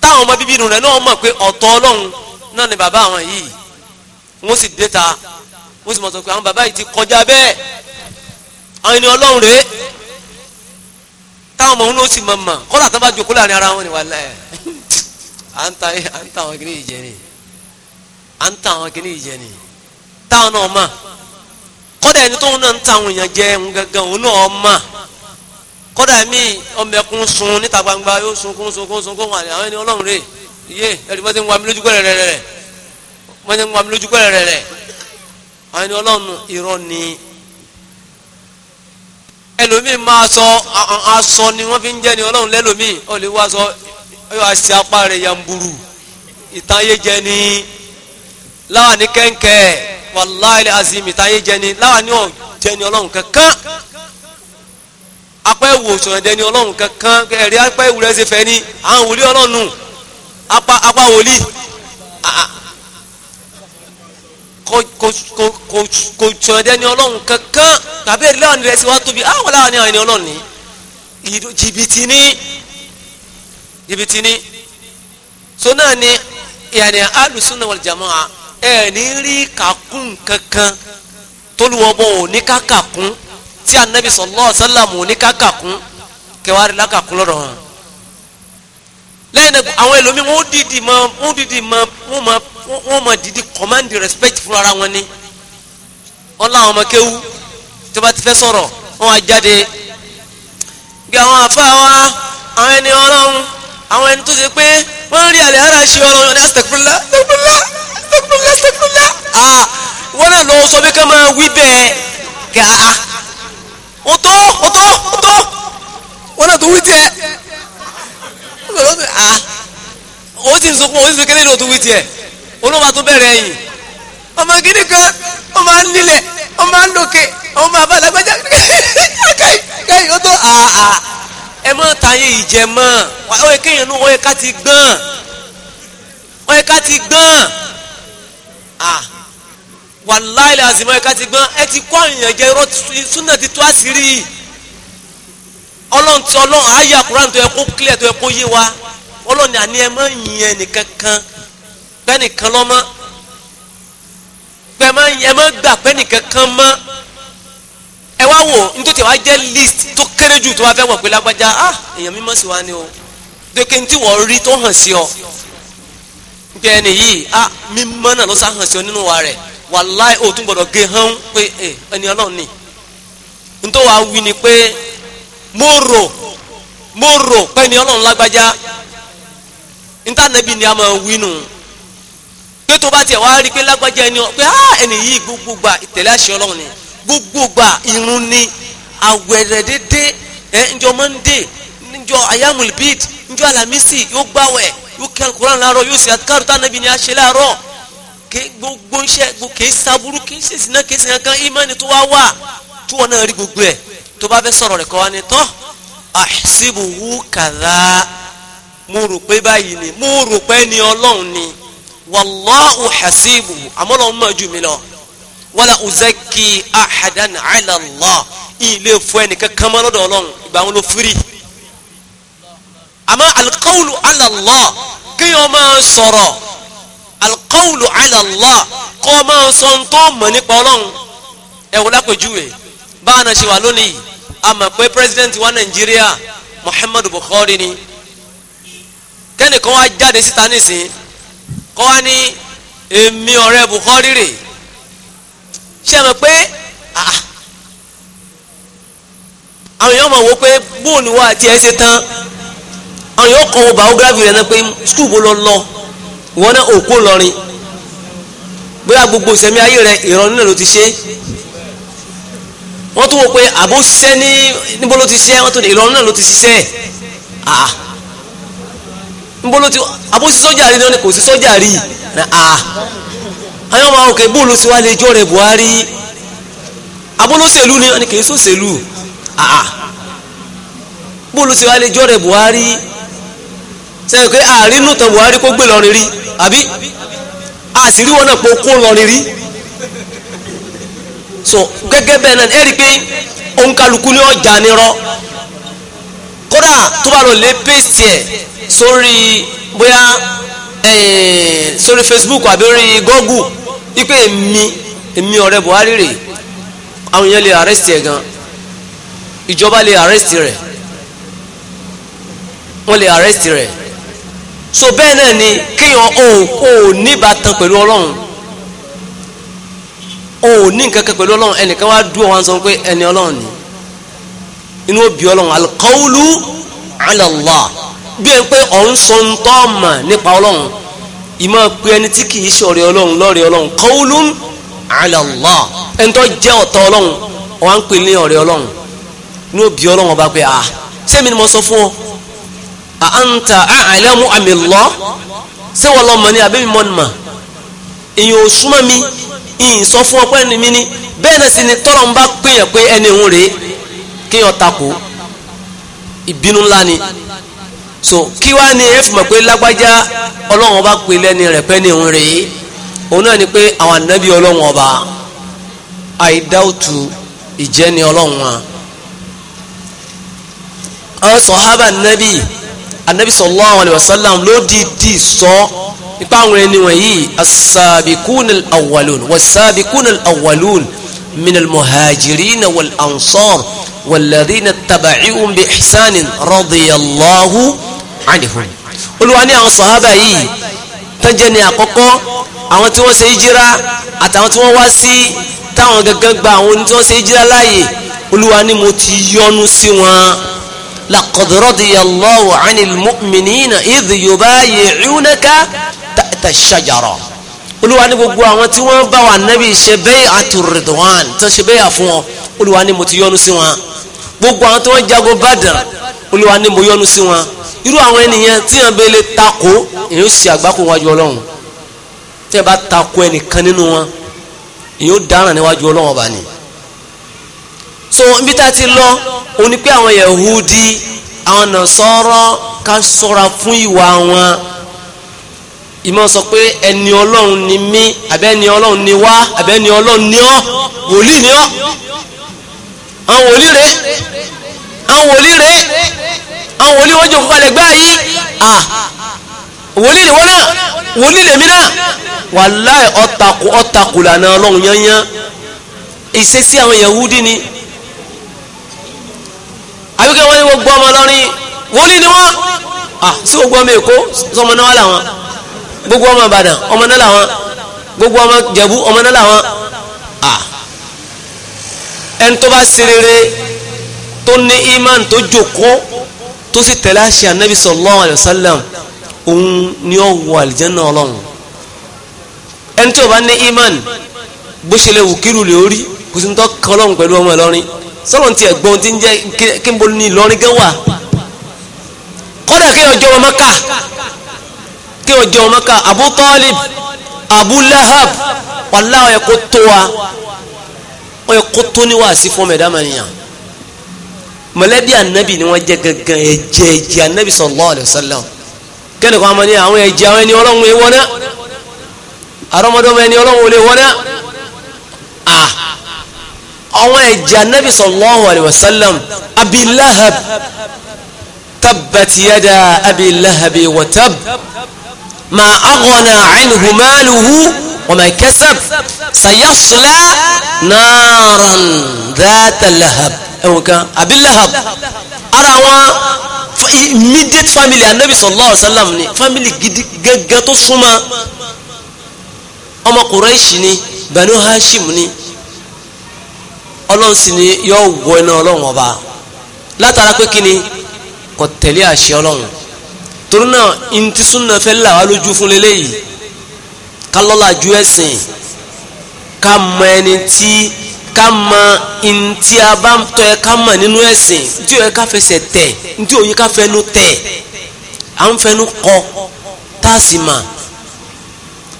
S1: táwọn ọmọ bíbí inú rẹ̀ náà mọ̀ pé ọ̀tọ̀ ọlọ́run náà ni bàbá àwọn yìí wọ́n sì dé ta wọ́n sì mọ̀ sọ pé àwọn bàbá yìí ti kọjá bẹ́ẹ̀ àwọn ènìyàn ọlọ́run rèé táwọn ọmọ òun ló sì mọ̀ mọ̀ kọ́lá tán bá jókòó láàrin ara wọn ni wàhálà à ń ta àwọn kìíní yìí jẹ ni táwọn náà mà kọ́dà ẹni tóun náà ń ta àwọn èèyàn jẹ ń gangan òun náà mà kọ́dà mi ọmọkùn sun níta gbangba yóò sunkún sunkún sunkún wà ní àwọn ẹni ọlọ́run rè iye ẹni wọ́n ti ń wá mi lójúkọ́ rẹ̀ rẹ̀ rẹ̀ wọ́n ti ń wá mi lójúkọ́ rẹ̀ rẹ̀ rẹ̀ àwọn ẹni ọlọ́run irọ́ ni ẹlòmíì máa sọ aṣọ ni wọ́n fi ń jẹ́ ni ọlọ́run lẹ́lòmíì ó sọ ẹ wá ṣe apá rẹ̀ yamburu ìtayé jẹ ni láwa ní kẹ́ńkẹ́ wàláhì azimi táyé jẹni láwa ní ọ̀jẹni ọlọ́run kankan apá ẹ̀wò òṣùwọ̀n jẹni ọlọ́run kankan ẹ̀rí apá ẹ̀wò rẹ̀ ṣe fẹ́ ni àwọn wòlíì ọlọ́run nù apá apá wòlíì ah, ah. kò kò kò kò ṣùwọ̀n jẹni ọlọ́run kankan tàbí ẹ̀rí láwa ní rẹ̀ ṣe wá tóbi àwọn ah, láwa ní àwọn ẹni ọlọ́run ni jìbìtì ní jìbìtì ní so náà ni ìyànní alùsùn náà wal jamaa ẹ ní rí kàkún kankan tólúwọ́bọ̀ òní kàkàkún tí anabi sallallahu alaihi wasallam òní kàkàkún kẹwàá rí lákàkún lọ́dọ̀ hàn lẹ́yìn àwọn ẹlòmíì wọ́n dìdì mọ wọ́n dìdì mọ wọ́n mọ wọ́n mọ dìdì command respect fún ara wọn ni wọ́n láwọn ọmọ kéwú tó bá ti fẹ́ sọ̀rọ̀ wọ́n wá jáde gbé àwọn àfa wa àwọn ẹni ọlọ́run àwọn ẹni tó ṣe pé wọ́n rí àlẹ́ ara ṣe ọlọ́run lẹ́sẹ̀ tẹ̀kúrúlá tẹ̀kúrúlá wọ́n náà lọ sọ pé ká máa wí bẹ́ẹ̀ kí a ó tó ó tó ó tó wọ́n náà tó wí tiẹ̀ ó ti ń sunkún ó ti sunkún nínú tó wí tiẹ̀ olóòwà tó bẹ̀rẹ̀ ẹ̀yìn ọmọ gidi kan ó máa ń nílẹ̀ ó máa ń lòkè ó máa bá lágbájá káyì ó tó ẹ mọ́ tayé ìjẹ mọ́ ó yẹ kéèyàn nú ó yẹ ká ti gbọ́n ó yẹ ká ti gbọ́n wàláìlì àzìmọ́ ẹ̀ka ti gbọ́n ẹ ti kọ́ àyàn jẹ irọ́ súnà ti tó àṣírí ọlọ́run ti ọlọ́run ayé àkùrán tó yẹ kó kílẹ̀ tó yẹ kó yé wa ọlọ́run ní àní ẹ má yin ẹnìkan kan pẹ́nìkan lọ́mọ́ pẹ́ ẹ má gbà pẹ́nìkan kan mọ́ ẹ wá wò nítorí wàá jẹ́ list tó kéré jù tó wàá fẹ́ wọ̀ pé lágbájá ah èèyàn mímọ́ sí wa ni o dèké ntí wọ́n rí tó hàn sí ọ nkẹ́ ẹni yìí ah mímọ́ náà ló sá hàn sí ọ nínú wa rẹ̀ wàláì ò tún gbọ́dọ̀ gé hán pé eh, ẹni ọlọ́run ni tó wàá wí ni pé mo rò mo rò pé ẹni ọlọ́run lágbájá ntànàbí ni a máa wí nù pé tó bá tiẹ̀ wá rí i pé lágbájá ẹni ọ pé ah, ẹni yìí gbogbo gbà ìtẹ̀lé àṣẹ ọlọ́run ni gbogbo gbà irun ni àwẹ̀rẹ̀ dédé ẹ̀ ǹjọ́ mọ́ndé ǹjọ́ ayamulbid ǹjọ́ alamisi yóò gbàwẹ̀ yóò kẹ́ alukuran láàárọ̀ yóò sì àtikárùtà nàbí ni a ṣe láàárọ̀ gbogbo iṣẹ́ kìí sábúrú kìí ṣe ìsìná kìí ṣe kankan ìmánì tó wá wà tí wọn náà rí gbogbo ẹ̀ tó bá fẹ́ sọ̀rọ̀ rẹ̀ kọ́ wa ni tọ́ àṣìbùwú kàdá mo rò pé báyìí ni mo rò pé ni ọlọ́run ni wàláhù hasibu àmọ́lọ́run mọ̀ jù mí lọ wàlá uzaki ahadan alàlá ilé fún ẹnìkan kan mọ́ lọ́dọ̀ ọlọ́run ìgbà wọn ló firi àmọ́ alikawulu alàlá kéèyàn máa sọ̀rọ̀ alqawlu ala Allah kọ́ máa sọ ń tó mọ̀ nípa ọlọ́run ẹ̀wọ̀n lápèjúwe báwa ṣe wà lónìí a pé president wa nàìjíríà muhammadu buhari ni kẹ́nìkan wá jáde síta nísìn kọ́ wá ní èmi ọ̀rẹ́ buhari rè ṣe mọ̀ pé àwọn èèyàn mọ̀ wò pé bóòlù wa àti ẹ̀ ṣe tán àwọn èèyàn kọ́ wo biography rẹ̀ náà pé skul bó lọ lọ ìwọ náà òkú lọrin bóyá gbogbo ìsẹ̀mí ayé rẹ ìrọ̀rùn náà ló ti ṣe wọ́n tún wọ́n pé àbó ṣiṣẹ́ ní níbo ló ti ṣiṣẹ́ wọ́n tún ìrọ̀rùn náà ló ti ṣiṣẹ́ ah. níbo ló ti àbó sí sọ́jà rí ni kò sí sọ́jà rí àà àwọn ọmọ òkè bóòlù sí wá lè jọ rẹ Buhari àbó ni wọ́n ní kì í sòṣèlú àà bóòlù sí wá lè jọ rẹ Buhari sẹ́yìn pé ààrínú tán Buhari kó gbé lọ́rin rí àbí àṣírí wọn náà pé okó ń lọrin rí so gẹ́gẹ́ bẹ́ẹ̀ náà ẹ̀rí pé òǹkàlùkù ni ọjà nírọ́ kódà tó bá lọ lé pèsè ẹ̀ sórí bóyá sórí Facebook àbí orí Google ipe èmi èmi ọ̀rẹ́ Buhari rè àwọn èèyàn lè arrest ẹ̀ gan ìjọba lè arrest rẹ̀ wọ́n lè arrest rẹ̀ so bẹ́ẹ̀ náà ni kíyàn o níbàtàn pẹ̀lú ọlọ́run o ní nkankan pẹ̀lú ọlọ́run ẹnìkan wá dúró wọn sọ pé ẹni ọlọ́run ni inú òbí ọlọ́run alqawlu ala Allah bí ẹni pé ọ̀hún sọ ń tọ́ mà nípa ọlọ́run ìmọ̀ pé ẹni tí kìí ṣọ̀rẹ́ ọlọ́run lọ́rẹ́ ọlọ́run qawlun ala Allah ẹni tó jẹ́ ọ̀tọ̀ ọlọ́run ọ̀ wá ń pè ní ọ̀rẹ́ ọlọ́run inú òbí ọlọ́run ọba pé ah ṣé mi ni mo sọ fún ọ àǹtà àìlẹ́mú àmì lọ ṣé wọ́n lọ mọ̀ ní abẹ́mi mọ́ ni mà èèyàn ò súnmọ́ mi ìyìn sọ fún ọpẹ́ ni mi ni bẹ́ẹ̀ náà sì ni tọ́lọ̀ ń bá péyàn pé ẹni òun rèé kéèyàn takò ìbínú ńlá ni so kí wá ni ẹ fi mọ̀ pé lágbájá ọlọ́run ọba pè lẹ́ni rẹ̀ pẹ́ ni òun rèé òun náà ni pé àwọn ànábì ọlọ́run ọba àìdáòtú ìjẹ́ni ọlọ́run wa àwọn sọ̀hábà ànábì anabi sallallahu alayhi wa sallam ló dìídì sọ ipa àwọn ẹni wọ̀nyí as-sabiqun al-awwalun was-sabiqun al-awwalun min al-muhajirin wal-ansar wal-ladhina taba'uhum bi ihsanin radiyallahu anhum olùwà ní àwọn sọ̀hábà yìí tọ́jẹ́ ní àkọ́kọ́ àwọn tí wọ́n ṣe hijira àtàwọn tí wọ́n wá sí táwọn gangan gba àwọn tí wọ́n ṣe hijira láàyè olùwà ní mo ti yọ́nú sí wọn لقد رضي الله عن المؤمنين إذ يبايعونك تحت الشجرة olúwa ní gbogbo àwọn tí wọ́n bá wà nábì ṣe bẹ́ẹ̀ àtúrẹ̀dọ̀wán tó ṣe bẹ́ẹ̀ fún ọ olúwa ní mo ti yọ́nú sí wọn gbogbo àwọn tí wọ́n jago Badr olúwa ní mo yọ́nú sí wọn irú àwọn ènìyàn tí wọ́n bẹ́ẹ̀ lè takò èyí ó sì àgbákò wájú ọlọ́run tí wọ́n bá takò ẹnìkan nínú wọn èyí ó dáràn níwájú ọlọ́run ọba nìyí so ibi tá a ti lọ òun ni pé àwọn yahudi àwọn nàṣọ́rọ́ ká sọ́ra fún ìwà wọn ìmọ̀ sọ pé ẹni ọlọ́run ni mí àbẹ́ni ọlọ́run ni wá àbẹ́ni ọlọ́run ni ọ́ wòlíì ni ọ́ àwọn wòlíì rẹ̀ àwọn wòlíì rẹ̀ àwọn wòlíì wọ́n jòkó kalẹ̀ gbá yìí à wòlíì ni náà wòlíì lèmi náà wàláì ọ̀tàkù ọ̀tàkù lànà ọlọ́run yányán ìṣesí àwọn yahudi ni àbíkẹ́ wọn ni gbogbo ọmọ lọ́rin wọlé ni wọ́n ah sí gbogbo ọmọ èkó sọmọ náà làwọn gbogbo ọmọ ìbàdàn ọmọ náà làwọn gbogbo ọmọ jẹ̀bú ọmọ náà làwọn ah ẹni tó bá ṣe rere tó ní iman tó jòkó tó sì tẹ̀lé àṣẹ anabi sallallahu alayhi wa sallam òun ni ó wọ àlìjẹ́nà ọlọ́run ẹni tí o bá ní iman bó ṣe lè wù kírù lè orí kò sí ní tó kọ́ ọlọ́run pẹ̀lú ọmọ ìlọrin sọ́lọ́n ti ẹ̀gbọ́n ti ń jẹ́ kí n bolo ní Ìlọrin gan wà kọ́dà kí ọjọ́ ọmọ ká kí ọjọ́ ọmọ ká Abu Talib Abu Lahab wàlá ọ̀yẹ́ kó tó wa ọ̀yẹ́ kó tó ní wàásí fún mẹ̀dá mànìyàn mọ̀lẹ́bí anabi ni wọ́n jẹ́ gangan ẹ̀jẹ̀ ẹ̀jẹ̀ anabi sallallahu alaihi wasallam kẹ́ni amani àwọn ẹ̀jẹ̀ àwọn ẹni ọlọ́run ẹ̀ wọ́n náà ẹni ọlọ́run ò lè ah àwọn ẹ̀jẹ̀ anabi sallallahu alayhi wa sallam abi lahab tabbat yada abi lahabi wa tab ma aghna anhu maluhu wa ma kasab sayasla naaran dhata lahab ẹ̀wọ̀n kan abi ara wọn immediate family anabi sallallahu alayhi wa sallam ni family gidi gẹ́gẹ́ tó súnmọ́ ọmọ Quraish ni Banu Hashim ni ọlọ́run sì ni yọ wọ iná ọlọ́run ọba látara pé kí ni kò tẹ̀lé àṣẹ ọlọ́run torí náà ntí súnà fẹ́ là wá lójú fún leléyìí ká lọ́la ju ẹ̀sìn ká mọ ẹni tí ká mọ ntí a bá tọ́ ẹ ká mọ nínú ẹ̀sìn ntí òye ká fẹsẹ̀ tẹ̀ ntí òye ká fẹnu tẹ̀ à ń fẹnu kọ tá mà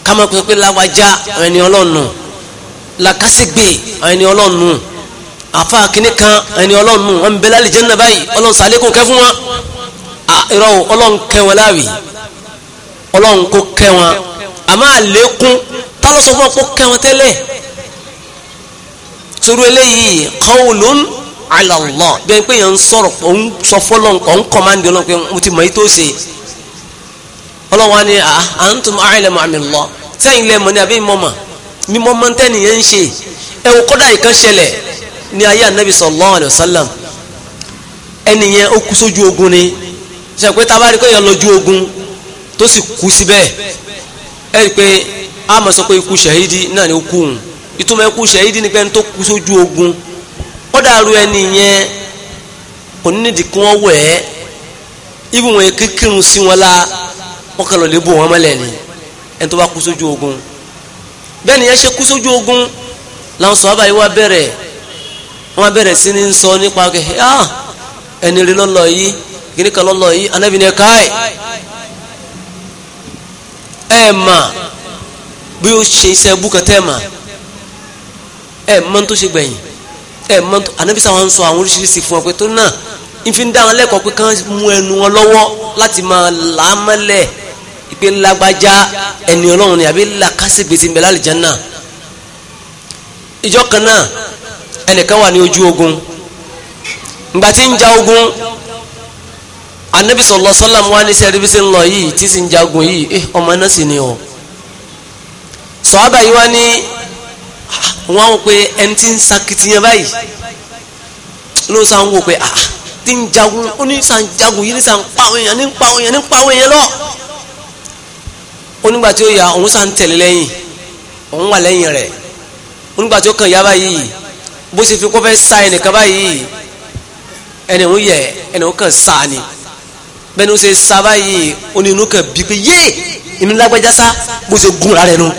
S1: ká mọ pé pé láwájá ẹni ọlọ́run làkàṣègbè ẹni ọlọ́run àfa kìnnì kan ẹni ọlọ́run wọn bẹ lálẹ́ jẹ́ náà báyìí ọlọ́run sàlékún kẹ́ fún wọn irọ́ ọlọ́run kẹ́ wọn láàwì ọlọ́run kó kẹ́ wọn àmọ́ àlékún tálọ́ sọ fún ọ kó kẹ́ wọn tẹ́lẹ̀ torí eléyìí qawlun ala Allah bí ẹni pé yẹn ń sọ̀rọ̀ òun sọ fọlọ́n kọ́ ń kọ́mándì ọlọ́run pé mo ti mọ̀ yìí tó ṣe ọlọ́run wa ni antum a'lamu mọ̀ ní ayé anabi sallallahu alayhi wa sallam ẹnìyẹn ó kú sójú ogun ni ṣe pé tá a bá rí kéèyàn lójú ogun tó sì kú síbẹ̀ ẹ rí i pé a máa sọ pé ikú ṣahidi náà ni ó kú òun ìtumọ̀ ikú ṣahidi ni pé ẹni tó kú sójú ogun ó dàrú ẹnìyẹn kò ní nídìí kí wọ́n wẹ̀ ẹ́ ibi wọn kékeré sí wọn la wọn kàn lọ lè bò wọn mọ́lẹ̀ ni ẹni tó bá kú sójú ogun bẹ́ẹ̀ ni ẹ ṣe kú sójú ogun làwọn sọ̀rọ̀ wọ́n bẹ̀rẹ̀ sí ní sọ nípa ọkẹ́ ah, ẹni rí lọ́lọ́ yìí gíní kan lọ́lọ́ yìí anábì ní ẹ̀ka ẹ̀ ẹ̀ mà bí ó ṣe iṣẹ́ búkẹ́tẹ́ mà ẹ̀ mọ́ tó ṣe gbẹ̀yìn ẹ̀ mọ́ tó anábì sáwọn ń sọ àwọn oríṣiríṣi fún ọ pé tó náà ìfi ń dá pé kán mú ẹnu wọn lọ́wọ́ láti máa là á mọ́lẹ̀ ìpè lágbájá ẹni ọlọ́run ni àbí làkásìgbèsì ń bẹ lálẹ́ náà ìjọ kan náà ẹnìkan wà ní ojú ogun ìgbà tí ń ja ogun anabi sọlọ sọlọm wa ní sẹríbísì ńlọ yìí tí sì ń ja ogun yìí ẹ eh, ọmọ náà sì ni ọ sọ̀hábà yìí wá ní wọn wò pé ẹni tí ń sakitiyan báyìí ló sàn wò pé ah tí ń jagun ó ní jagun yìí ní sàn pa àwọn èèyàn ní pa àwọn èèyàn ní pa àwọn èèyàn lọ onígbà tí ó yà òun sàn tẹ̀lé lẹ́yìn òun wà lẹ́yìn rẹ̀ onígbà tí ó kàn yá báyìí bó ṣe fi kó fẹ́ sa ẹnìkan báyìí ẹnì ń yẹ ẹnì ń kàn sa ni bẹ́ẹ̀ ni ó ṣe sa báyìí onínú kan bí pé yé èmi lágbájá sá bó ṣe gun ara rẹ nu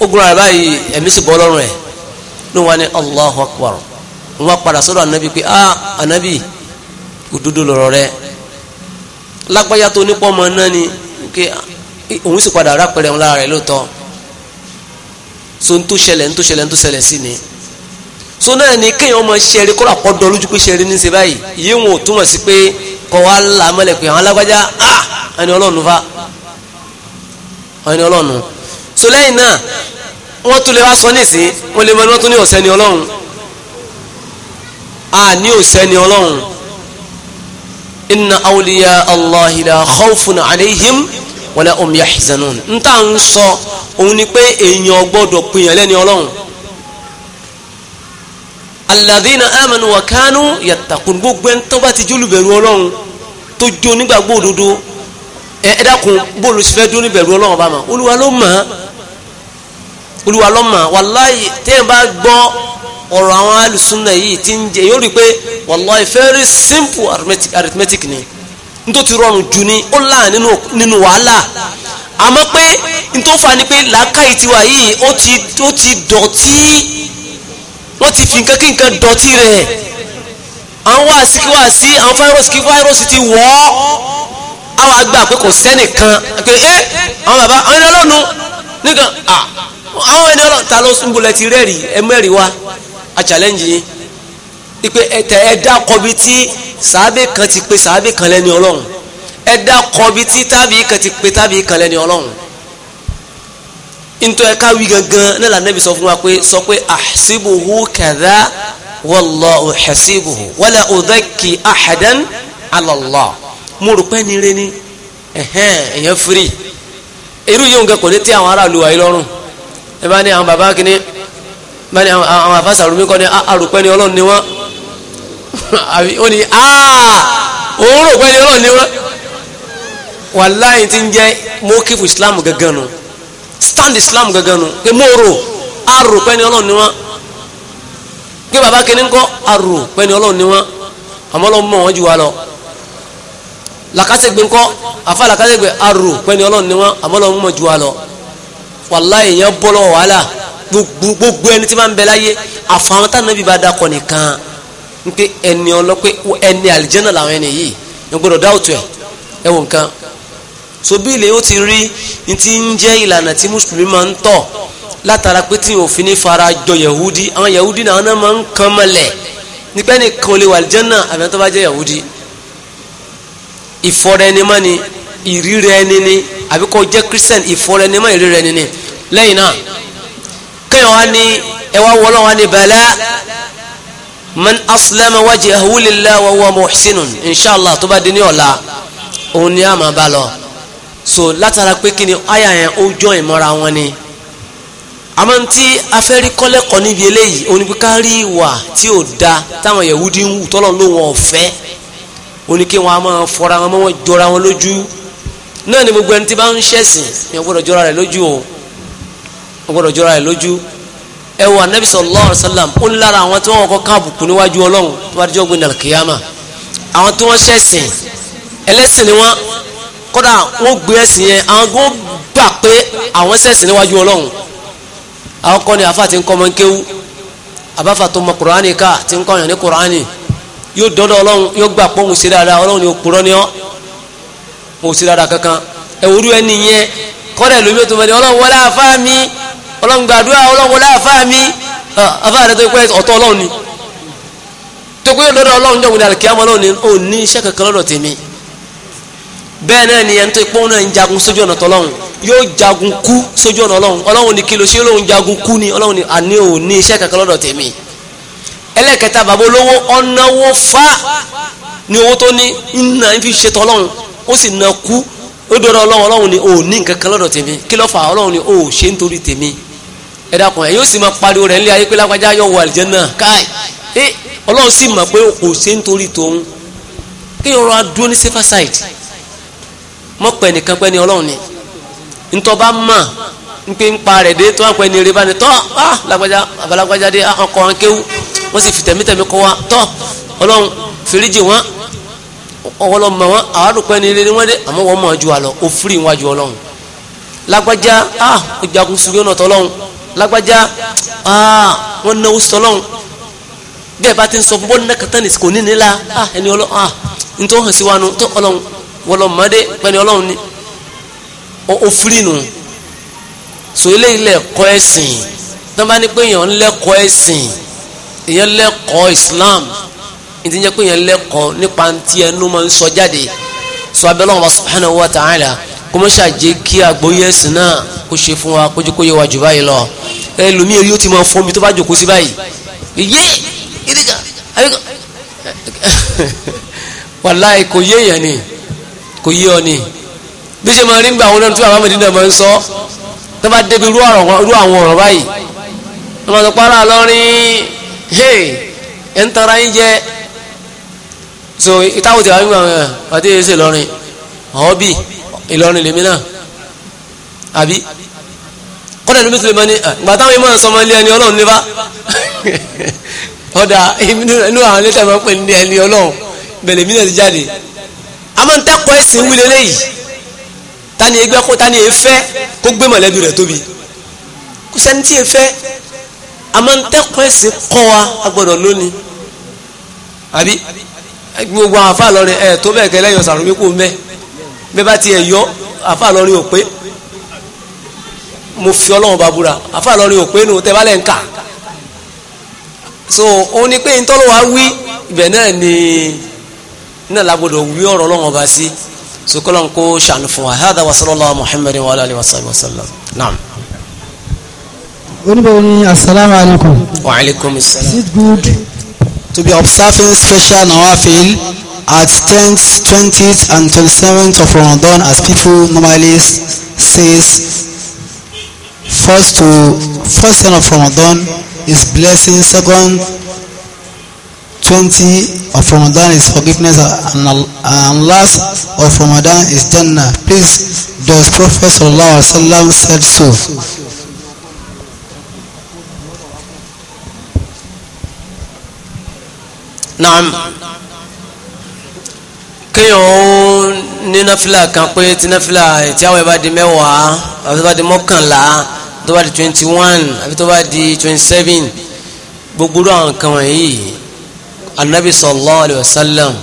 S1: ó gun ara báyìí ẹ̀mí sì bọ́ lọ́rùn ẹ̀ ló wà ní Allahu Akbar wọn padà sọ́dọ̀ anabi, pé ah ànábì òdodo lọ̀rọ̀ rẹ lágbájá tó nípa ọmọ náà ni pé òun sì padà rápẹrẹ ńlá rẹ lóòótọ́ so ń tó ṣẹlẹ̀ ń tó ṣẹlẹ̀ ń tó ṣẹlẹ̀ sí ni so náà ni kéèyàn ọmọ ṣẹ̀rí kó làkọ́ dọ́ lójú pé ṣẹ̀rí ní ṣe báyìí yìí wọn ò túmọ̀ sí pé kọ́ wa là mọ́lẹ̀ àwọn alágbájá a ẹni ọlọ́run fa ẹni ọlọ́run so lẹ́yìn náà wọ́n tún lè wá sọ nísìn wọ́n lè mọ ẹni wọ́n tún ní ọ̀sẹ́ ni ọlọ́run a ní ọ̀sẹ́ ni ọlọ́run inna awliya allahi la khawfun alayhim wala um yahzanun n ta n sọ òun ni pé èèyàn gbọ́dọ̀ pinyàn lẹ́ni ọlọ́run alladhina amanu wa kanu yattaqun gbogbo ẹni tó bá ti jólùbẹ̀rù ọlọ́run tó jó nígbàgbọ́ òdodo ẹ dákun bóòlù sì fẹ́ jó níbẹ̀rù ọlọ́run bá ma olúwa ló mọ̀ olúwa ló mọ̀ wàláyé téèyàn bá gbọ́ ọ̀rọ̀ àwọn alùsùnà yìí ti ń jẹ yóò rí i pé wàláyé very simple arithmetic, arithmetic ni nítorí ti rọrùn jù ni ó là nínú wàhálà àmọ́ pé nítorí fa ni pé làákàyè tiwa yìí ó ti dọ̀tí wọ́n ti fi nǹkan kí nǹkan dọ̀tí rẹ̀ àwọn wáàsí kí wáàsí àwọn fáírọ́ọ̀sì kí fáírọ́ọ̀sì ti wọ̀ ọ́ àwọn àgbà pé kò sẹ́nìkan pé ẹ́ àwọn bàbá àwọn ẹni ọlọ́nu nìkan àwọn ẹni ọlọ́nu ta ló ń bolẹ̀ ti rẹ́ẹ̀rì ẹ wa a challenge yín ipe ẹtẹ ẹdá kọbi tí sàábẹ̀ kan ti pe sàábẹ̀ kan lẹ́ni ọlọ́run ẹdá kọbi tí tábìí kan ti pe tábìí kan lẹ́ni ọlọ́run ntọ́ ẹ ká wí gangan náà la nẹ́bi sọ fún wa pé sọ pé ahsibuhu kadha wallahu hasibuhu wala udhakki ahadan ala Allah mo rò pé nire ni èèyàn firi irú yóò nǹkan kò ní tí àwọn aráàlú wa yìí lọ́rùn ẹ bá ní àwọn bàbá kìíní bá ní àwọn àfàṣà rúmi kọ́ ni àròpẹ́ ni ọlọ́run ni wọ́n ó ní òun rò pé ni ọlọ́run ni wọ́n wàláyé ti ń jẹ́ mọ́kìfù islam gangan nù stand islam gangan nu pé mo rò arò pẹ́ni ọlọ́run ni wọ́n pé baba kìíní ń kọ́ arò pẹ́ni ọlọ́run ni wọ́n àmọ́ ọlọ́run mọ̀ wọ́n jù wá lọ làkàṣègbè ń kọ́ àfa làkàṣègbè arò pẹ́ni ọlọ́run ni wọ́n àmọ́ ọlọ́run mọ̀ jù wá lọ wàláyé yẹn bọ́ lọ́wọ́ wàhálà gbogbo ẹni tí máa ń bẹ láyé àfahàn tá nàbí bá dakọ nìkan ń pé ẹni ọlọ́pẹ́ ẹni àlìjẹ́nà làwọn ẹni yìí ń gbọ́dọ̀ dáwọ́tò ẹ̀ ẹ̀ wọ̀ nǹkan so bí ilé yóò ti rí n ti ń jẹ́ ìlànà tí mùsùlùmí máa ń tọ̀ látara pé tí òfin ní fara jọ yahudi àwọn yahudi náà náà máa ń kàn mọ́lẹ̀ nípa ẹnìkan ò lè wà àbí wọn tó bá jẹ́ yahudi ìfọ̀rẹ́nimọ́ ni ìrírí ẹni ni àbí kó jẹ́ christian ìfọ̀rẹ́nimọ́ ìrírí ẹni ni lẹ́yìn náà kẹ́yìn wá ní ẹwà wọlọ́ wá ní bala man aslama wajhahu lillahi wa huwa muhsinun inshallah tó bá di ní ọ̀la òun ni a máa bá lọ so látara pé kí ni àyà yẹn ó jọ ìmọ̀ra wọn ni àmọ́ tí afẹ́rí kọ́lẹ́kọ̀ọ́ níbi eléyìí òun ni pé ká rí ìwà tí ò da táwọn yẹ̀wúdí ń wù tọ́lọ́ ló ọ̀fẹ́ òun ni kí wọn a máa fọra wọn mọ́ jọra wọn lójú náà ni gbogbo ẹni tí bá ń ṣẹ̀sìn yẹn gbọ́dọ̀ jọra rẹ̀ lójú o wọ́n gbọ́dọ̀ jọra rẹ̀ lójú ẹ wọ anabi sallallahu alaihi wasallam ó ní lára àwọn tí wọ́n kọ́ káàbùkù níwájú ọlọ́run tó bá dé jọ́gbìn nàlkìyàmà àwọn tí wọ́n ṣẹ̀sìn ẹlẹ́sìn ni wọ́n kódà wọ́n gbé ẹ̀sìn yẹn àwọn gan gbà pé àwọn ṣẹ̀sìn níwájú ọlọ́run àwọn kọ́ni àfa ti ń kọ́ ọmọ ń kéwú àbáfà tó mọ kùránì ká ti ń kọ́yàn ní kùránì yóò dọ́dọ̀ ọlọ́run yóò gbà pé òun ṣe dáadáa ọlọ́run yóò kúrọ́ ní ọ́ òun ṣe dáadáa kankan ẹ̀wòrú ẹni yẹn kọ́dà lómi tó mọ̀lẹ́ ọlọ́run wọlé àfa mi ọlọ́run gbàdúrà ọlọ́run wọlé àfa mi ni tó pé dọ́dọ̀ ọlọ́run jọ̀wọ́n ní ni ò ní iṣẹ́ kankan bẹ́ẹ̀ náà ni ẹni tó ipò náà ń jagun sójú ọ̀nà tọ́lọ́hún yóò jagun kú sójú ọ̀nà ọlọ́hún ọlọ́hún ni kìlọ̀ sí olóhùn jagun kú ni ọlọ́hún ni àní ò ní iṣẹ́ kankan lọ́dọ̀ tèmi ẹlẹ́kẹta bàbá olówó ọ̀nàwó fa ni owó tó ní iná fi ṣe tọ́lọ́hún ó sì na kú ó dọ̀rọ̀ ọlọ́hún ọlọ́hún ni ò ní nkankan lọ́dọ̀ tèmi kìlọ̀ fa ọlọ́hún ni ò ṣe nítorí tèmi ẹ dákun ẹ yóò sì máa pariwo rẹ̀ nílé ayé pé lágbájá yọ wọ àlìjánnà mọ́ pẹ́ nìkan pẹ́ ní ọlọ́run ni ntọ́ bá mọ̀ n pe ń pa rẹ̀ dé tó wà pẹ́ ní eré tọ́ ah làgbàjá àbálàgbàjá dé ah, ọkọ̀ wọn kéwú wọ́n sì fi tẹ̀mítẹ̀mí kọ́ wa tọ́ ọlọ́run fèrèjì wọn ọwọ́lọ́ mọ̀ wọn àwádùn pẹ́ ní eré ni wọ́n dé àmọ́ wọ́n mọ̀ ju àlọ́ òfurì wájú ọlọ́run làgbàjá ah ìjagun sùn yóò nà tọ́lọ́run lágbájá aa ah, wọn náwó sọlọ́n bẹ́ẹ̀ bá ti ń sọ fún bọ́ọ̀nù náà kàtá nìsí kò ní ah, ẹni ọlọ́ ah ntọ́ hàn sí wa nu tó ọlọ́run wọ́n lọ mọ́dé pẹ́ni ọlọ́run ni ó firi nù so ilé ilẹ̀ kọ́ ẹ̀sìn tó bá ní pé èèyàn ń lẹ́kọ̀ọ́ ẹ̀sìn èèyàn lẹ́kọ̀ọ́ Islam ìdí jẹ́ pé èèyàn lẹ́kọ̀ọ́ nípa ti ẹnu máa ń sọ jáde so abẹ́lẹ́ wọn bá subhanahu wa ta'ala kó mọ́ ṣàjẹ́ kí àgbóyè ẹ̀sìn náà kó ṣe fún wa kó jẹ́ kó yẹ wa jù báyìí lọ ẹlòmíì rí ti máa fọ́ mi tó bá jòkó sí báyìí yé ìdíjà wàláì kò yé èèyàn ni kò yí ọ ni bí ṣe máa rí gbà àwọn olóńtú àbámọ̀ dídá máa ń sọ tó bá débi irú àwọn ọ̀rọ̀ báyìí wọ́n máa sọ pé ara lọ́rin hey ẹ̀ ń tanra yín jẹ́ so ìtawọ̀ tí a wíwọ̀ àwọn àti èsè lọ́rin àwọn bí Ìlọrin lèmi náà àbí kọ́dà ní mùsùlùmí ni ìgbà táwọn ìmọ̀ sọmọ ilé ẹni ọlọ́run níbà ọ̀dà inú àwọn ilé tẹ̀mọ́ pè ní ẹni ọlọ́run bẹ̀lẹ̀ náà ti jáde ọlọ́run takọ ẹ̀sìn wí lélẹ́yìí tani ẹgbẹ́ kó tani ẹ̀fẹ́ kó gbé mọ̀lẹ́bí rẹ̀ tóbi kò sẹ́ni tí ẹ̀fẹ́ àmọ́ ń takọ ẹ̀sìn kọ́ wa agbọ́dọ̀ lónìí àbí gbogbo àwọn àfa àlọ́rin ẹ̀ tó bẹ́ẹ̀ kẹ́lẹ́ yọ sàrùmí kò mẹ́ bẹ́ẹ̀ bá ti ẹ̀ yọ àfa àlọ́rin ò pé mo fi ọlọ́run bá búra àfa àlọ́rin ò pé nù tẹ́ bá lẹ́ ń kà so òun ni pé ntọ́lọ́wà wí ibẹ̀ náà ni náà lágbọ́dọ̀ wí ọ̀rọ̀ ọlọ́run ọba sí sokolo ń kó fún wa hadha wa sallallahu muhammadin wa alayhi wa sallam wa sallam naam.
S2: oníbẹ̀rẹ̀ ni asalaamu alaykum. wa alaykum salaam. is it good to be observing special nawafil at tenth twentieth and twenty-seventh of Ramadan as people normally say. first to first ten of Ramadan is blessing second Twenty of Ramadan is forgiveness and, and last of Ramadan is Jannah. Please, does Prophet Sallallahu Alaihi Wasallam said so?
S1: Naam. Kéèyàn ó ní náfìlà kan pé tí náfìlà tí àwọn ìbá di mẹ́wàá àbí tó bá di mọ́kànlá tó bá di twenty one àbí tó bá di twenty seven gbogbo àwọn nǹkan wọ̀nyí anabi sallallahu alayhi wa sallam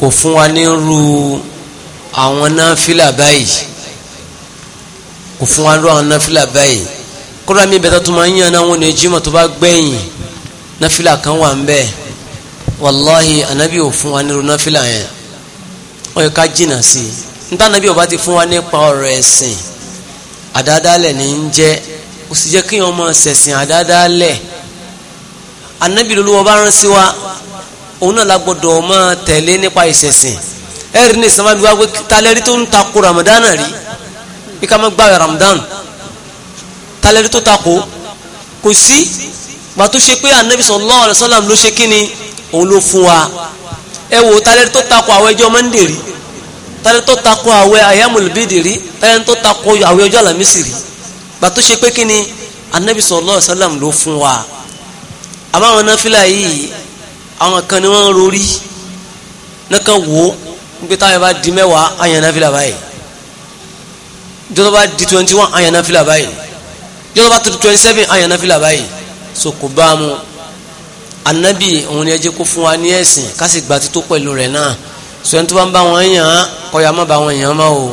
S1: kò fún wa ní ru àwọn náfìlà báyìí kò fún wa ní ru àwọn náfìlà báyìí kódà mi bẹ́tà tó máa ń yàn náà wọn ní jimá tó bá gbẹ̀yìn náfìlà kan wà ń bẹ wàláhi anabi ò fún wa ní ru náfìlà yẹn ó yẹ ká jìnnà sí i níta anabi ò bá ti fún wa nípa ọ̀rọ̀ ẹ̀sìn àdáadáalẹ̀ ní ń jẹ́ ó sì jẹ́ kí wọ́n máa ṣẹ̀sìn àdáadáalẹ̀ anabi lolúwa bá rán sí wa òun náà la gbọ́dọ̀ máa tẹ̀lé nípa ìṣẹ̀sìn ẹ̀rí ní ìsàmà bíi wá pé talẹ́rí tó ń takò Ramadan rí bí ká má gbààwẹ̀ Ramadan talẹ́rí tó takò kò sí gbà tó ṣe pé anabi sallallahu alaihi wasallam ló ṣe kí ni òun ló fún wa ẹ wò talẹ́rí tó takò àwọn ẹjọ́ Monday rí talẹ́rí tó takò àwẹ̀ ayamul bidi rí talẹ́rí tó takò àwẹ̀ ọjọ́ Alámísì rí gbà tó ṣe pé kí ni anabi sallallahu alaihi wasallam ló fún wa àmọ́ àwọn náfìlà yìí àwọn kan ni wọ́n ń rorí nìkan wò ó nígbà táwọn bá di mẹ́wàá àyànná fìlà báyìí jọlọ bá di twenty one àyànná fìlà báyìí jọlọ bá tuntun twenty seven àyànná fìlà báyìí so kò bá a mu anabi òun ni ẹ jẹ́ kó fún wa ní ẹ̀sìn ká sì gba tító pẹ̀lú rẹ̀ náà so ẹni tó bá ń bá wọn yàn án kọyà má bá wọn yàn án má o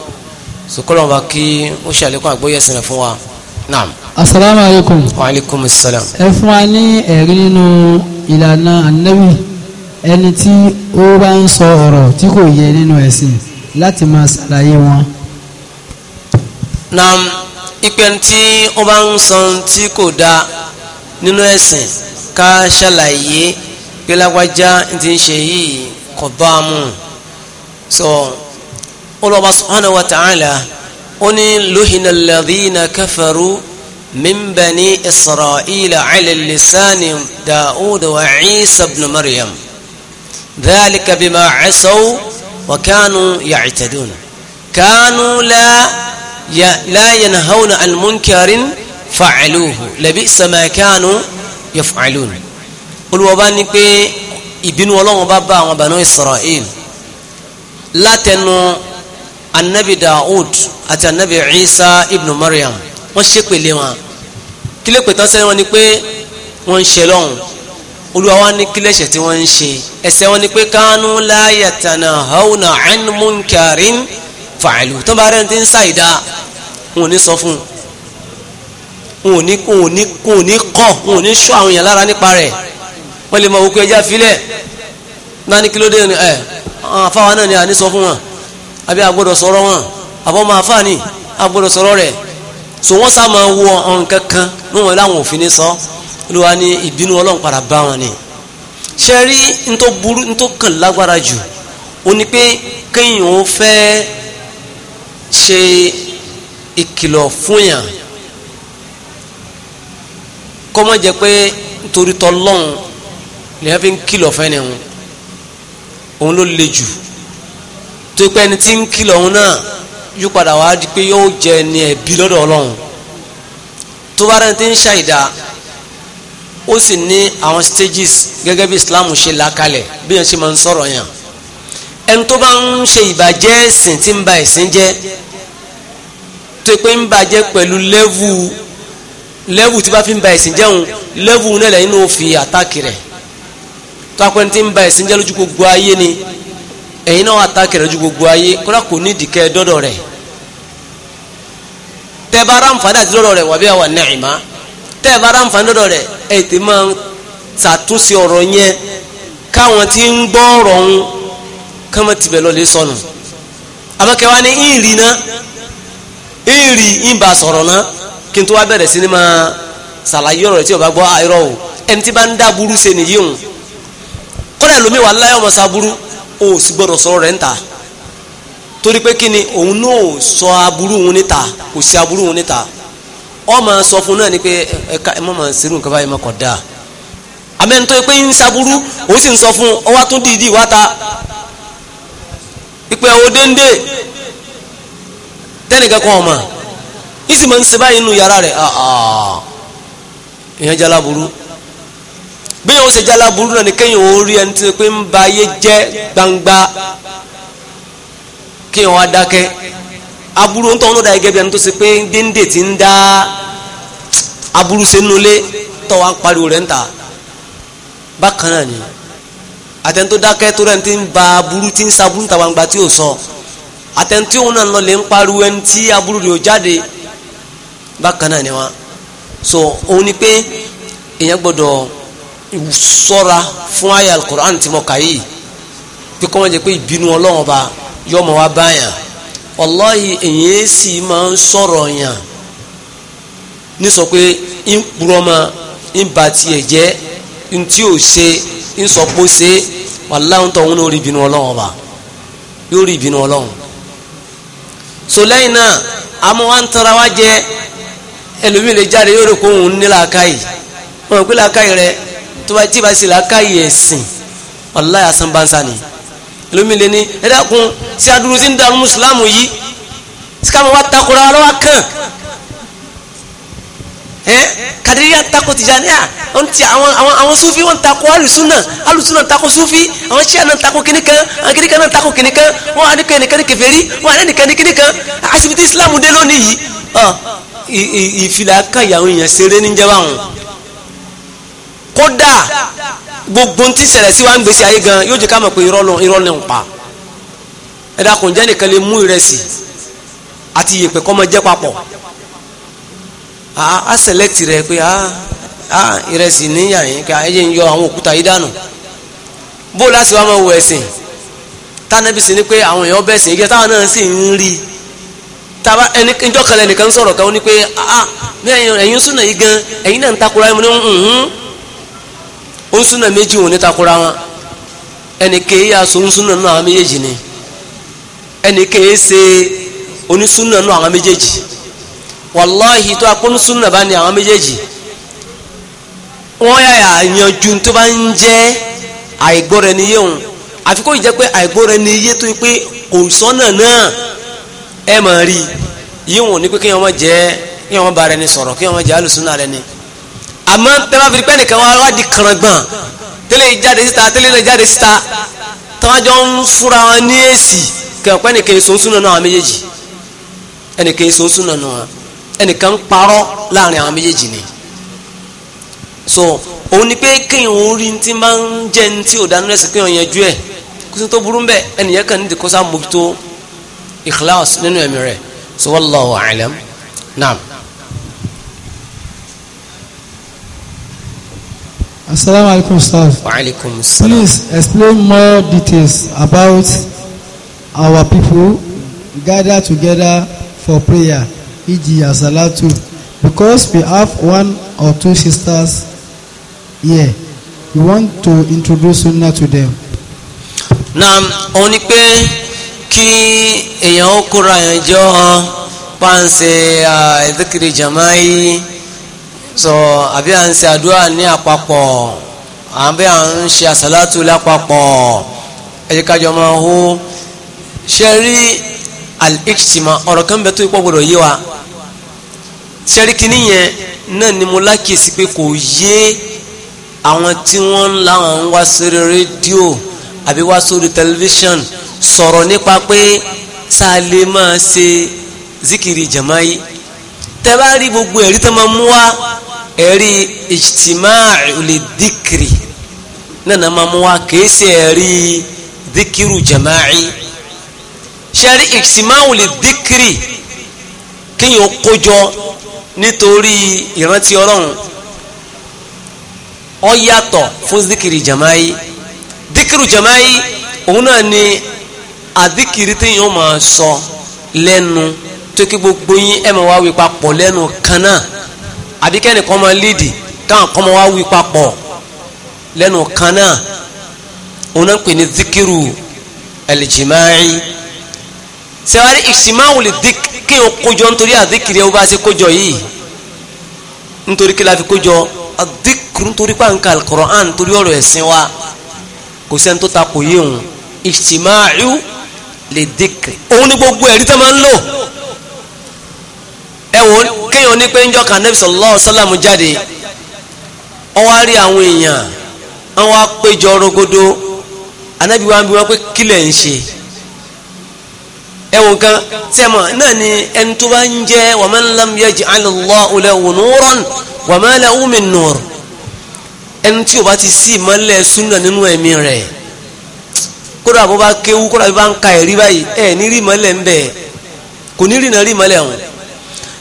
S1: so kọlọ̀ wa kí ó ṣàlékún àgbóyè ẹ̀sìn rẹ̀ fún wa naam.
S2: asalaamualeykum.
S1: wa aleykum salaam.
S2: ẹ fún wa ní ẹ̀rí nínú ìlànà ànábì ẹni tí ó bá ń sọ ọ̀rọ̀ tí kò yẹ nínú ẹ̀sìn láti máa ṣàlàyé wọn. naam
S1: ìpẹ́ni tí ó bá ń sọ tí kò dáa nínú ẹ̀sìn ká ṣàlàyé pé lágbájá ti ń ṣe yìí kò bá a mú so olùwàbà subhanahu wa ta'ala ó ní lóhinna alladhina kafaru. من بني إسرائيل على اللسان داود وعيسى بن مريم ذلك بما عصوا وكانوا يعتدون كانوا لا لا ينهون عن منكر فعلوه لبئس ما كانوا يفعلون قل وبانك ابن ولو بابا وبنو إسرائيل لا تنو النبي داود أتى النبي عيسى ابن مريم wọ́n ṣépèlé wọn kílẹ̀ pẹ̀tàn sẹ́yìn wọn ni pé wọ́n ń ṣe lọ́hùn olúwa wa ní kílẹ̀ ṣẹ̀ tí wọ́n ń ṣe ẹsẹ̀ wọn ni pé kánú la yatanahawna an munkarin fa'alu tó bá rẹ̀ ń ti ń ṣàìdá wọn ò ní sọ fún un wọn ò ní kọ́ wọn ò ní sọ àwọn èèyàn lára nípa rẹ̀ wọ́n lè mọ òkú ẹja filẹ̀ náà ní kí ló dé ẹ eh, àwọn náà ni à ní sọ fún wọn àbí agbọ́dọ̀ sọ̀rọ̀ wọn àbọ̀ máa fà ní agbọ́dọ̀ sọ̀rọ̀ rẹ̀ so wọ́n sá máa wọ ọ̀hún kankan ní wọn láwọn òfin ní sọ olúwa ní ìbínú ọlọ́run padà bá wọn ni ṣe rí n tó burú n tó kàn lágbára jù ó ní pé kéèyàn ó fẹ́ ṣe ìkìlọ̀ fún yàn kọ́mọ jẹ́ pé nítorí tọ́lọ́run lèyàn fi ń kìlọ̀ fẹ́ni òun òun ló le jù tó pẹ́ ni tí ń kìlọ̀ òun náà yóò padà wá di pé yóò jẹ ẹni ẹ̀bi lọ́dọ̀ ọlọ́run tó bá rẹ̀ ti ń ṣàìdá ó sì ní àwọn stages gẹ́gẹ́ bí islam ṣe là kalẹ̀ bí wọ́n ṣe máa ń sọ̀rọ̀ yàn ẹni tó bá ń ṣe ìbàjẹ́ ẹ̀sìn tí ń ba ẹ̀sìn jẹ́ tó pé ń bàjẹ́ pẹ̀lú lẹ́vù lẹ́vù tí bá fi ń ba ẹ̀sìn jẹ́ òun lẹ́vù nílẹ̀ inú òfin àtàkì rẹ̀ tó apẹ́ni tí ń ba ẹ̀sìn jẹ́ lójú gbogbo ayé ni ẹ̀yin náà àtàkì rẹ̀ ju gbogbo ayé kódà kò ní ìdìkẹ́ dọ́dọ̀ rẹ̀ tẹ́ bá ráǹfààní àti dọ́dọ̀ rẹ̀ wà bí àwọn nẹ̀ẹ̀má tẹ́ bá ráǹfààní dọ́dọ̀ rẹ̀ ẹ̀ tẹ́ máa ṣàtúnṣe ọ̀rọ̀ yẹn káwọn tí ń gbọ́ ọ̀rọ̀ ń kọ́mọ tibẹ̀ lọ lè sọnù abọ́kẹ́wá ní ìrì náà ìrì ìbà sọ̀rọ̀ náà kí n tó wá bẹ̀rẹ̀ sí ni máa ṣàlàyé ọ̀rọ̀ o sì gbọdọ sọrọ rẹ̀ nta torí pé kí ni òun náà sọ aburú òun níta kò sí aburú òun níta ọ máa sọ fún náà ni pé ẹka ẹ má máa ṣerú nǹkan báyìí má kọ̀ dáa àmẹ́ni tó yẹ pé ń saburú òun sì ń sọ fún ọ wá tún dìídì wá ta ìpè àwọn déńdé tẹ́nìkan kan máa ń báyìí nínú yàrá ah, ah. aláburú bí yóò ṣe jala burú náà ni kéèyàn ò rí ẹni tí pé ń ba ayé jẹ́ gbangba kéèyàn wá dákẹ́ aburú ń tọ́wọ́n dá gẹ́gẹ́ bí ẹni tó ṣe pé déńdé ti ń dá aburú sínú ilé tọ́wọ́ á pariwo rẹ̀ ń ta bákan náà ni àtẹ̀ntó dákẹ́ tó rẹ̀ ń ti ń ba aburú ti ń sa aburú ta gbangba tí ò sọ àtẹ̀ntí òun náà lọ lè ń pariwo ẹni tí aburú rẹ̀ ò jáde bákan náà ni wọn so òun ni pé èèyàn gbọ́dọ̀ ìsọ́ra fún àyà alukur'an tí mo kà yìí bí kọ́ wọ́n pé yọmọ wa báyàn wallahi èyí sì máa ma ń ba tiẹ̀ jẹ́ ń tí ò ṣe ń sọ pé ó ṣe wallahi ń tọ́ wọn lórí ìbínú so lẹ́yìn náà àmọ́ wa ń rẹ tó bá tí ì bá sì làákàyè ẹ̀sìn sanbansa ni lómi lé ní ẹ dákun sí adúrú sí ń darú mùsùlámù yìí sí káwọn wá takora wa lọ́wọ́ kàn ẹ kàdíríyà takò tìjàníà wọn ti àwọn àwọn àwọn sufi wọn takò alùsùnà alùsùnà takò sufi àwọn tíyà náà takò kìnìkan àwọn kìnìkan náà takò kìnìkan wọn àdìkọ ẹnìkan ní kèfèrí wọn àdìkọ ẹnìkan ní kan àṣìbìtì islam dé lónìí yìí ọ ìfìlà kan ìyàwó yẹn ṣeré níjẹba wọn kódà gbogbo ntí ṣẹlẹ̀ sí wa ń gbèsè ayé gan yóò jẹ́ ká mọ̀ pé irọ́ lọ irọ́ lẹ̀ ń pa ẹ̀dá kò jẹ́ nìkan lè mú ìrẹsì àti ìyẹ̀pẹ̀ kọ́ mọ jẹ́ papọ̀ a select rẹ̀ pé a ìrẹsì níyà yín kí ayé ń yọ àwọn òkúta yìí dànù bó láti wá máa wọ ẹ̀sìn tánàbí sí ni pé àwọn èèyàn bẹ̀ sìn igi táwọn náà sì ń rí taba ẹni ìjọ kan sọ̀rọ̀ kan ó ní pé ẹ̀yin súnà yìí gan ẹ̀yin náà ń takura ẹ̀mú ní ń súnà méjì wọn ní takora wọn ẹnì kèé yà so ń súnà nù àwọn méjèèjì ni ẹnì kèé ṣe onísúnà nù àwọn méjèèjì wàláhì tó akpọ́nú súnà bá ní àwọn méjèèjì wọ́n yà yà yanjú tó bá ń jẹ́ àìgbọ́ra ẹni yé àfi kó jẹ́ pé àìgbọ́ra ẹni yé tó pé kò sọ́nà náà ẹ máa rí yíwọ̀n ní pé kí jẹ́ kí bá rẹ ni sọ̀rọ̀ kí jẹ́ alùsùn náà rẹ ni àmọ́ tẹ́lá fi pẹ́ nìkan wá di kàngbọ̀n tẹ́lẹ̀ jáde síta tẹ́lẹ̀ jáde síta tọ́jọ́ ń fúnra wọn ní èsì kẹ̀kọ́ ẹnìkan èso ń súnà náà àwọn méjèèjì ẹnìkan èso ń súnà náà ẹnìkan ń parọ́ láàrin àwọn méjèèjì ni so òun ni pé kéèyàn orí ti máa ń jẹ́ ní tí òdánù rẹ̀ sí kéèyàn yanjú ẹ̀ kó sì tó burú ń bẹ̀ ẹnìyẹn kàn ní ti kó sá mójútó ìkìláàsì nínú ẹ̀mí rẹ̀ so wallahu a'lam naam.
S2: Assalamualaikum staff. Waalaikum salam. Please explain more details about our people gather together for prayer, e.g. Asalatu, because we have one or two sisters here. We want to introduce Sunnah to them.
S1: Naam, ó ní pé kí èèyàn ó kóra èèyàn jọ pàǹsẹ̀ ẹ̀ẹ́dẹ́kiri jàmáyé so àbí à ń ṣe àdúrà ní àpapọ̀ àbí à ń ṣe àsálàtù lápapọ̀ ẹ̀jẹ̀ kájọ máa hó ṣe rí al-ijtima ọ̀rọ̀ kan bẹ tó ipò gbọdọ̀ yé wa ṣe rí kíní yẹn náà ni mo lákìsí pé kò yé àwọn tí wọ́n ń láwọn ń wá sórí rédíò àbí wá sórí tẹlifíṣàn sọ̀rọ̀ nípa pé sáà lè máa ṣe zikiri jama'i tẹ́bá rí gbogbo ẹ̀rí tó máa mú wá ẹ̀rí ijtima'i lè díkìrì náà máa mú wá kìí ṣe ẹ̀rí díkìrù jama'i ṣẹ́rí ijtima'i lè díkìrì kíyàn kójọ nítorí ìrántí ọlọ́run ó yàtọ̀ fún díkìrì jama'i díkìrù jama'i òun náà ni àdíkìrì tíyàn máa sọ lẹ́nu. So, tó kí gbogbo yín ẹ máa wá wí papọ̀ lẹ́nu kan náà àbí kẹ́nìkan máa léèdì káwọn kan máa wá wí papọ̀ lẹ́nu kan náà òun náà ń pè ní zikiru alìjìmáì sẹ́wárí ìṣìmáwò lè dí kí o kójọ nítorí àdíkiri ẹ bá ṣe kójọ yìí nítorí kí la fi kójọ àdíkiri nítorí pàǹkà al-Qur'an nítorí ọ̀rọ̀ ẹ̀sìn wa kò sẹ́ni tó ta kò yé òun ìṣìmáwò lè dí kiri òun ni gbogbo ẹ̀rí tẹ́ máa ń lò ẹ̀wọ̀n kéèyàn ní pé ń jọ́ kan Nabi sallallahu alaihi wasallam jáde wọ́n wá rí àwọn èèyàn wọ́n wá péjọ rogodo anábì wa ń bi wọn pé kí lẹ̀ ń ṣe ẹ̀wọ̀n kan sẹ́mọ̀ náà ni ẹni tó bá ń jẹ́ wa man lam yaj'al Allahu lahu nuran wa ma ẹni tí o bá ti sí ìmọ̀lẹ̀ súnà nínú ẹ̀mí rẹ̀ kódà bó bá kéwú kódà bó bá ń ka ẹ̀rí báyìí ẹ̀ ní rí ìmọ̀lẹ̀ ń bẹ̀ kò ní rí náà rí ìmọ̀lẹ̀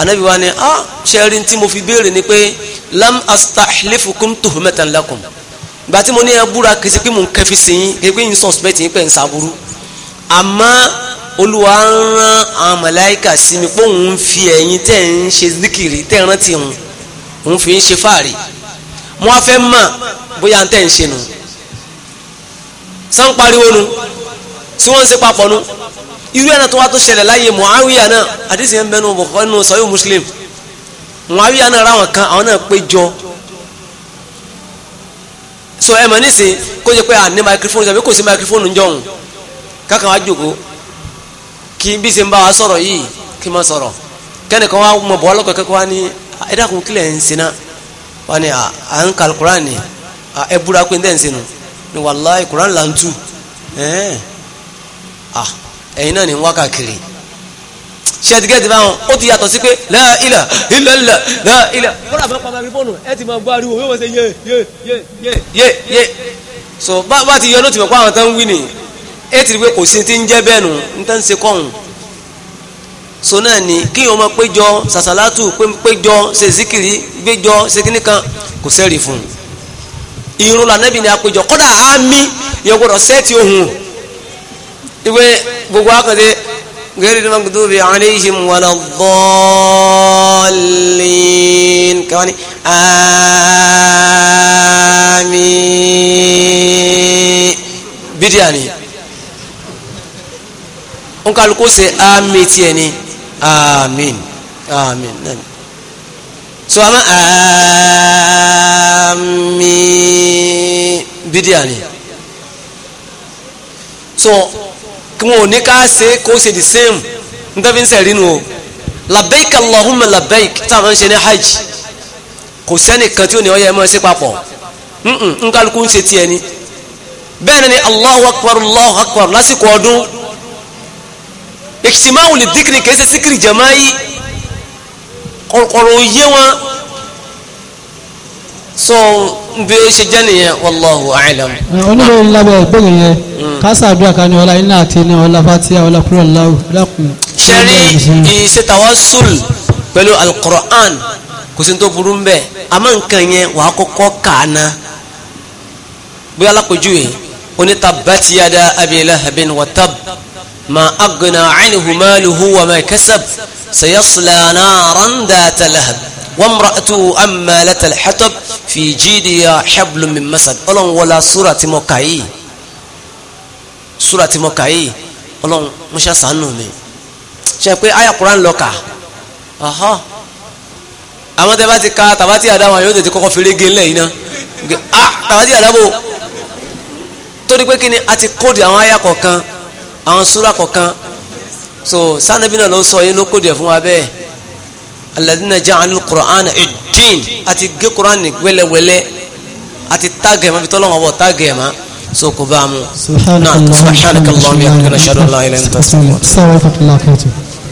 S1: anabi wa ni a ah, ṣẹ́rí tí mo fi béèrè ni pé lam astahlifukum tuhumatan lakum gba tí mo ní ẹbúra kìí pé mo ń kẹfí sí yín kìí pé yín suspect yín pé ń sàbúrú àmọ́ olúwa ń rán àwọn màláíkà sí mi pé òun fi ẹ̀yin tẹ́ ń ṣe zikiri tẹ́ rántí òun òun fi ń ṣe fáàrí mo á fẹ́ mọ̀ bóyá ń ń ṣe nù sàn pariwo nu tí wọ́n ń ṣe papọ̀ nu irú ẹ̀nà tó wá tó ṣẹlẹ̀ láyé Muawiya náà àdìsí ẹ̀ ń bẹnu bọ̀kọ́ nínú sọ́yìn Muslim Muawiya náà ráwọn kan àwọn náà pé jọ so ẹ̀ mọ̀ nísìn kó jẹ́ pé à ní microphone tàbí kò sí microphone ń jọ̀hún kákan wá jókòó kí bí ṣe ń bá wa sọ̀rọ̀ yìí kí n má sọ̀rọ̀ kẹ́nìkan wá mọ̀ bọ́ ọlọ́kọ̀ kẹ́kọ̀ọ́ wá ní ẹ kílẹ̀ ń sin wá ní à ń ka alukur'an ni ẹ búra pé ń tẹ̀ ń sin ni wàláì kur'an là ń tu ẹ̀ẹ́n ah ẹ̀yin náà ní wákàkiri ṣé ẹ ti gẹ́ẹ̀tì báwọn ó ti yàtọ̀ sí pé láìlà ìlàlà láìlà. bọ́lá fẹ́ pàmò àbí fóònù ẹ ti máa gbọ́ ariwo yóò ṣe yé yé yé so bá bá ti yọ ló ti mọ̀ pé àwọn tó ń wí nìyí ẹ ti rí pé kò sí ti ń jẹ́ bẹ́ẹ̀ nù ń tẹ́ ń ṣe kọ́hún so náà ni kí ọmọ péjọ sàṣàlátù péjọ ṣe síkìrì péjọ ṣe kíní kan kò sẹ́ẹ̀rì fún un irun lànà gbogbo akọ̀dé gẹ́rì tó mọ̀gbọ́dọ́ bí alayhim wala ddallin káwọn ni àmín bídíà ni n kálukú ṣe àmín tiẹ̀ so àmọ́ àmín bídíà so. so kí wọn ò ní ká ṣe kó ṣe the same nítorí fi ń sẹ̀rí nu o labẹ́ìkì allahumma labẹ́ìkì tá a máa ń ṣe ní hajj kò sẹ́nìkan tí ò ní ọyẹ ẹ máa ṣe papọ̀ nkálukú ń ṣe tiẹ̀ ni bẹ́ẹ̀ ni allahu akbar allahu akbar lásìkò ọdún ìṣìmáwò lè díkìrì kìí ṣe síkìrì jamaí kọ̀rọ̀ òye wọn so bí ó ṣe jẹ́ nìyẹn wallahu a'lam.
S2: oníbẹ̀rẹ̀ lábẹ́ ìgbẹ́yìn yẹn hmm. kásàdúrà kan ní ọlá iná àti iná ọlá fatia ọlá kúrò láwù lákùn. sẹ́rí
S1: ìṣètàwọ́sùl pẹ̀lú alukur'an kò sí ní tó burú ń àmọ́ nǹkan yẹn wà á kọ́kọ́ kàánà bí alákojú yẹn onitabat yada abi lahabin ma aghna anhu maluhu wa ma kasab sayasla naran dhata lahab wamra'atuhu ammalatal hatab fi jidiha hablum min masad ọlọ́run wọlá súra tí mo kà yìí súra tí mo kà yìí ọlọ́run mo ṣe sànù mi ṣe pé aya Qur'an lọ kà ọ̀họ́ àwọn tẹ́ bá ti ka tàbátì àdáwọ̀ yóò tètè kọ́kọ́ fi rége ńlẹ̀ yìí ná ah tàbátì àdáwọ̀ torí pé kí ni a ti kóòdù àwọn aya kọ̀ọ̀kan àwọn súra kọ̀ọ̀kan so sanabi náà ló sọ yín ló kóòdù ẹ̀ fún wa bẹ́ẹ̀. الذين جعلوا القرآن الدين أتي قرآن ولا ولا أتي تاجه ما بيطلعوا أبو تاجه ما سوكو بامو سبحانك نعم. اللهم سبحانك اللهم يحكي نشهد الله إلى أنت
S2: استغفرك الله وبركاته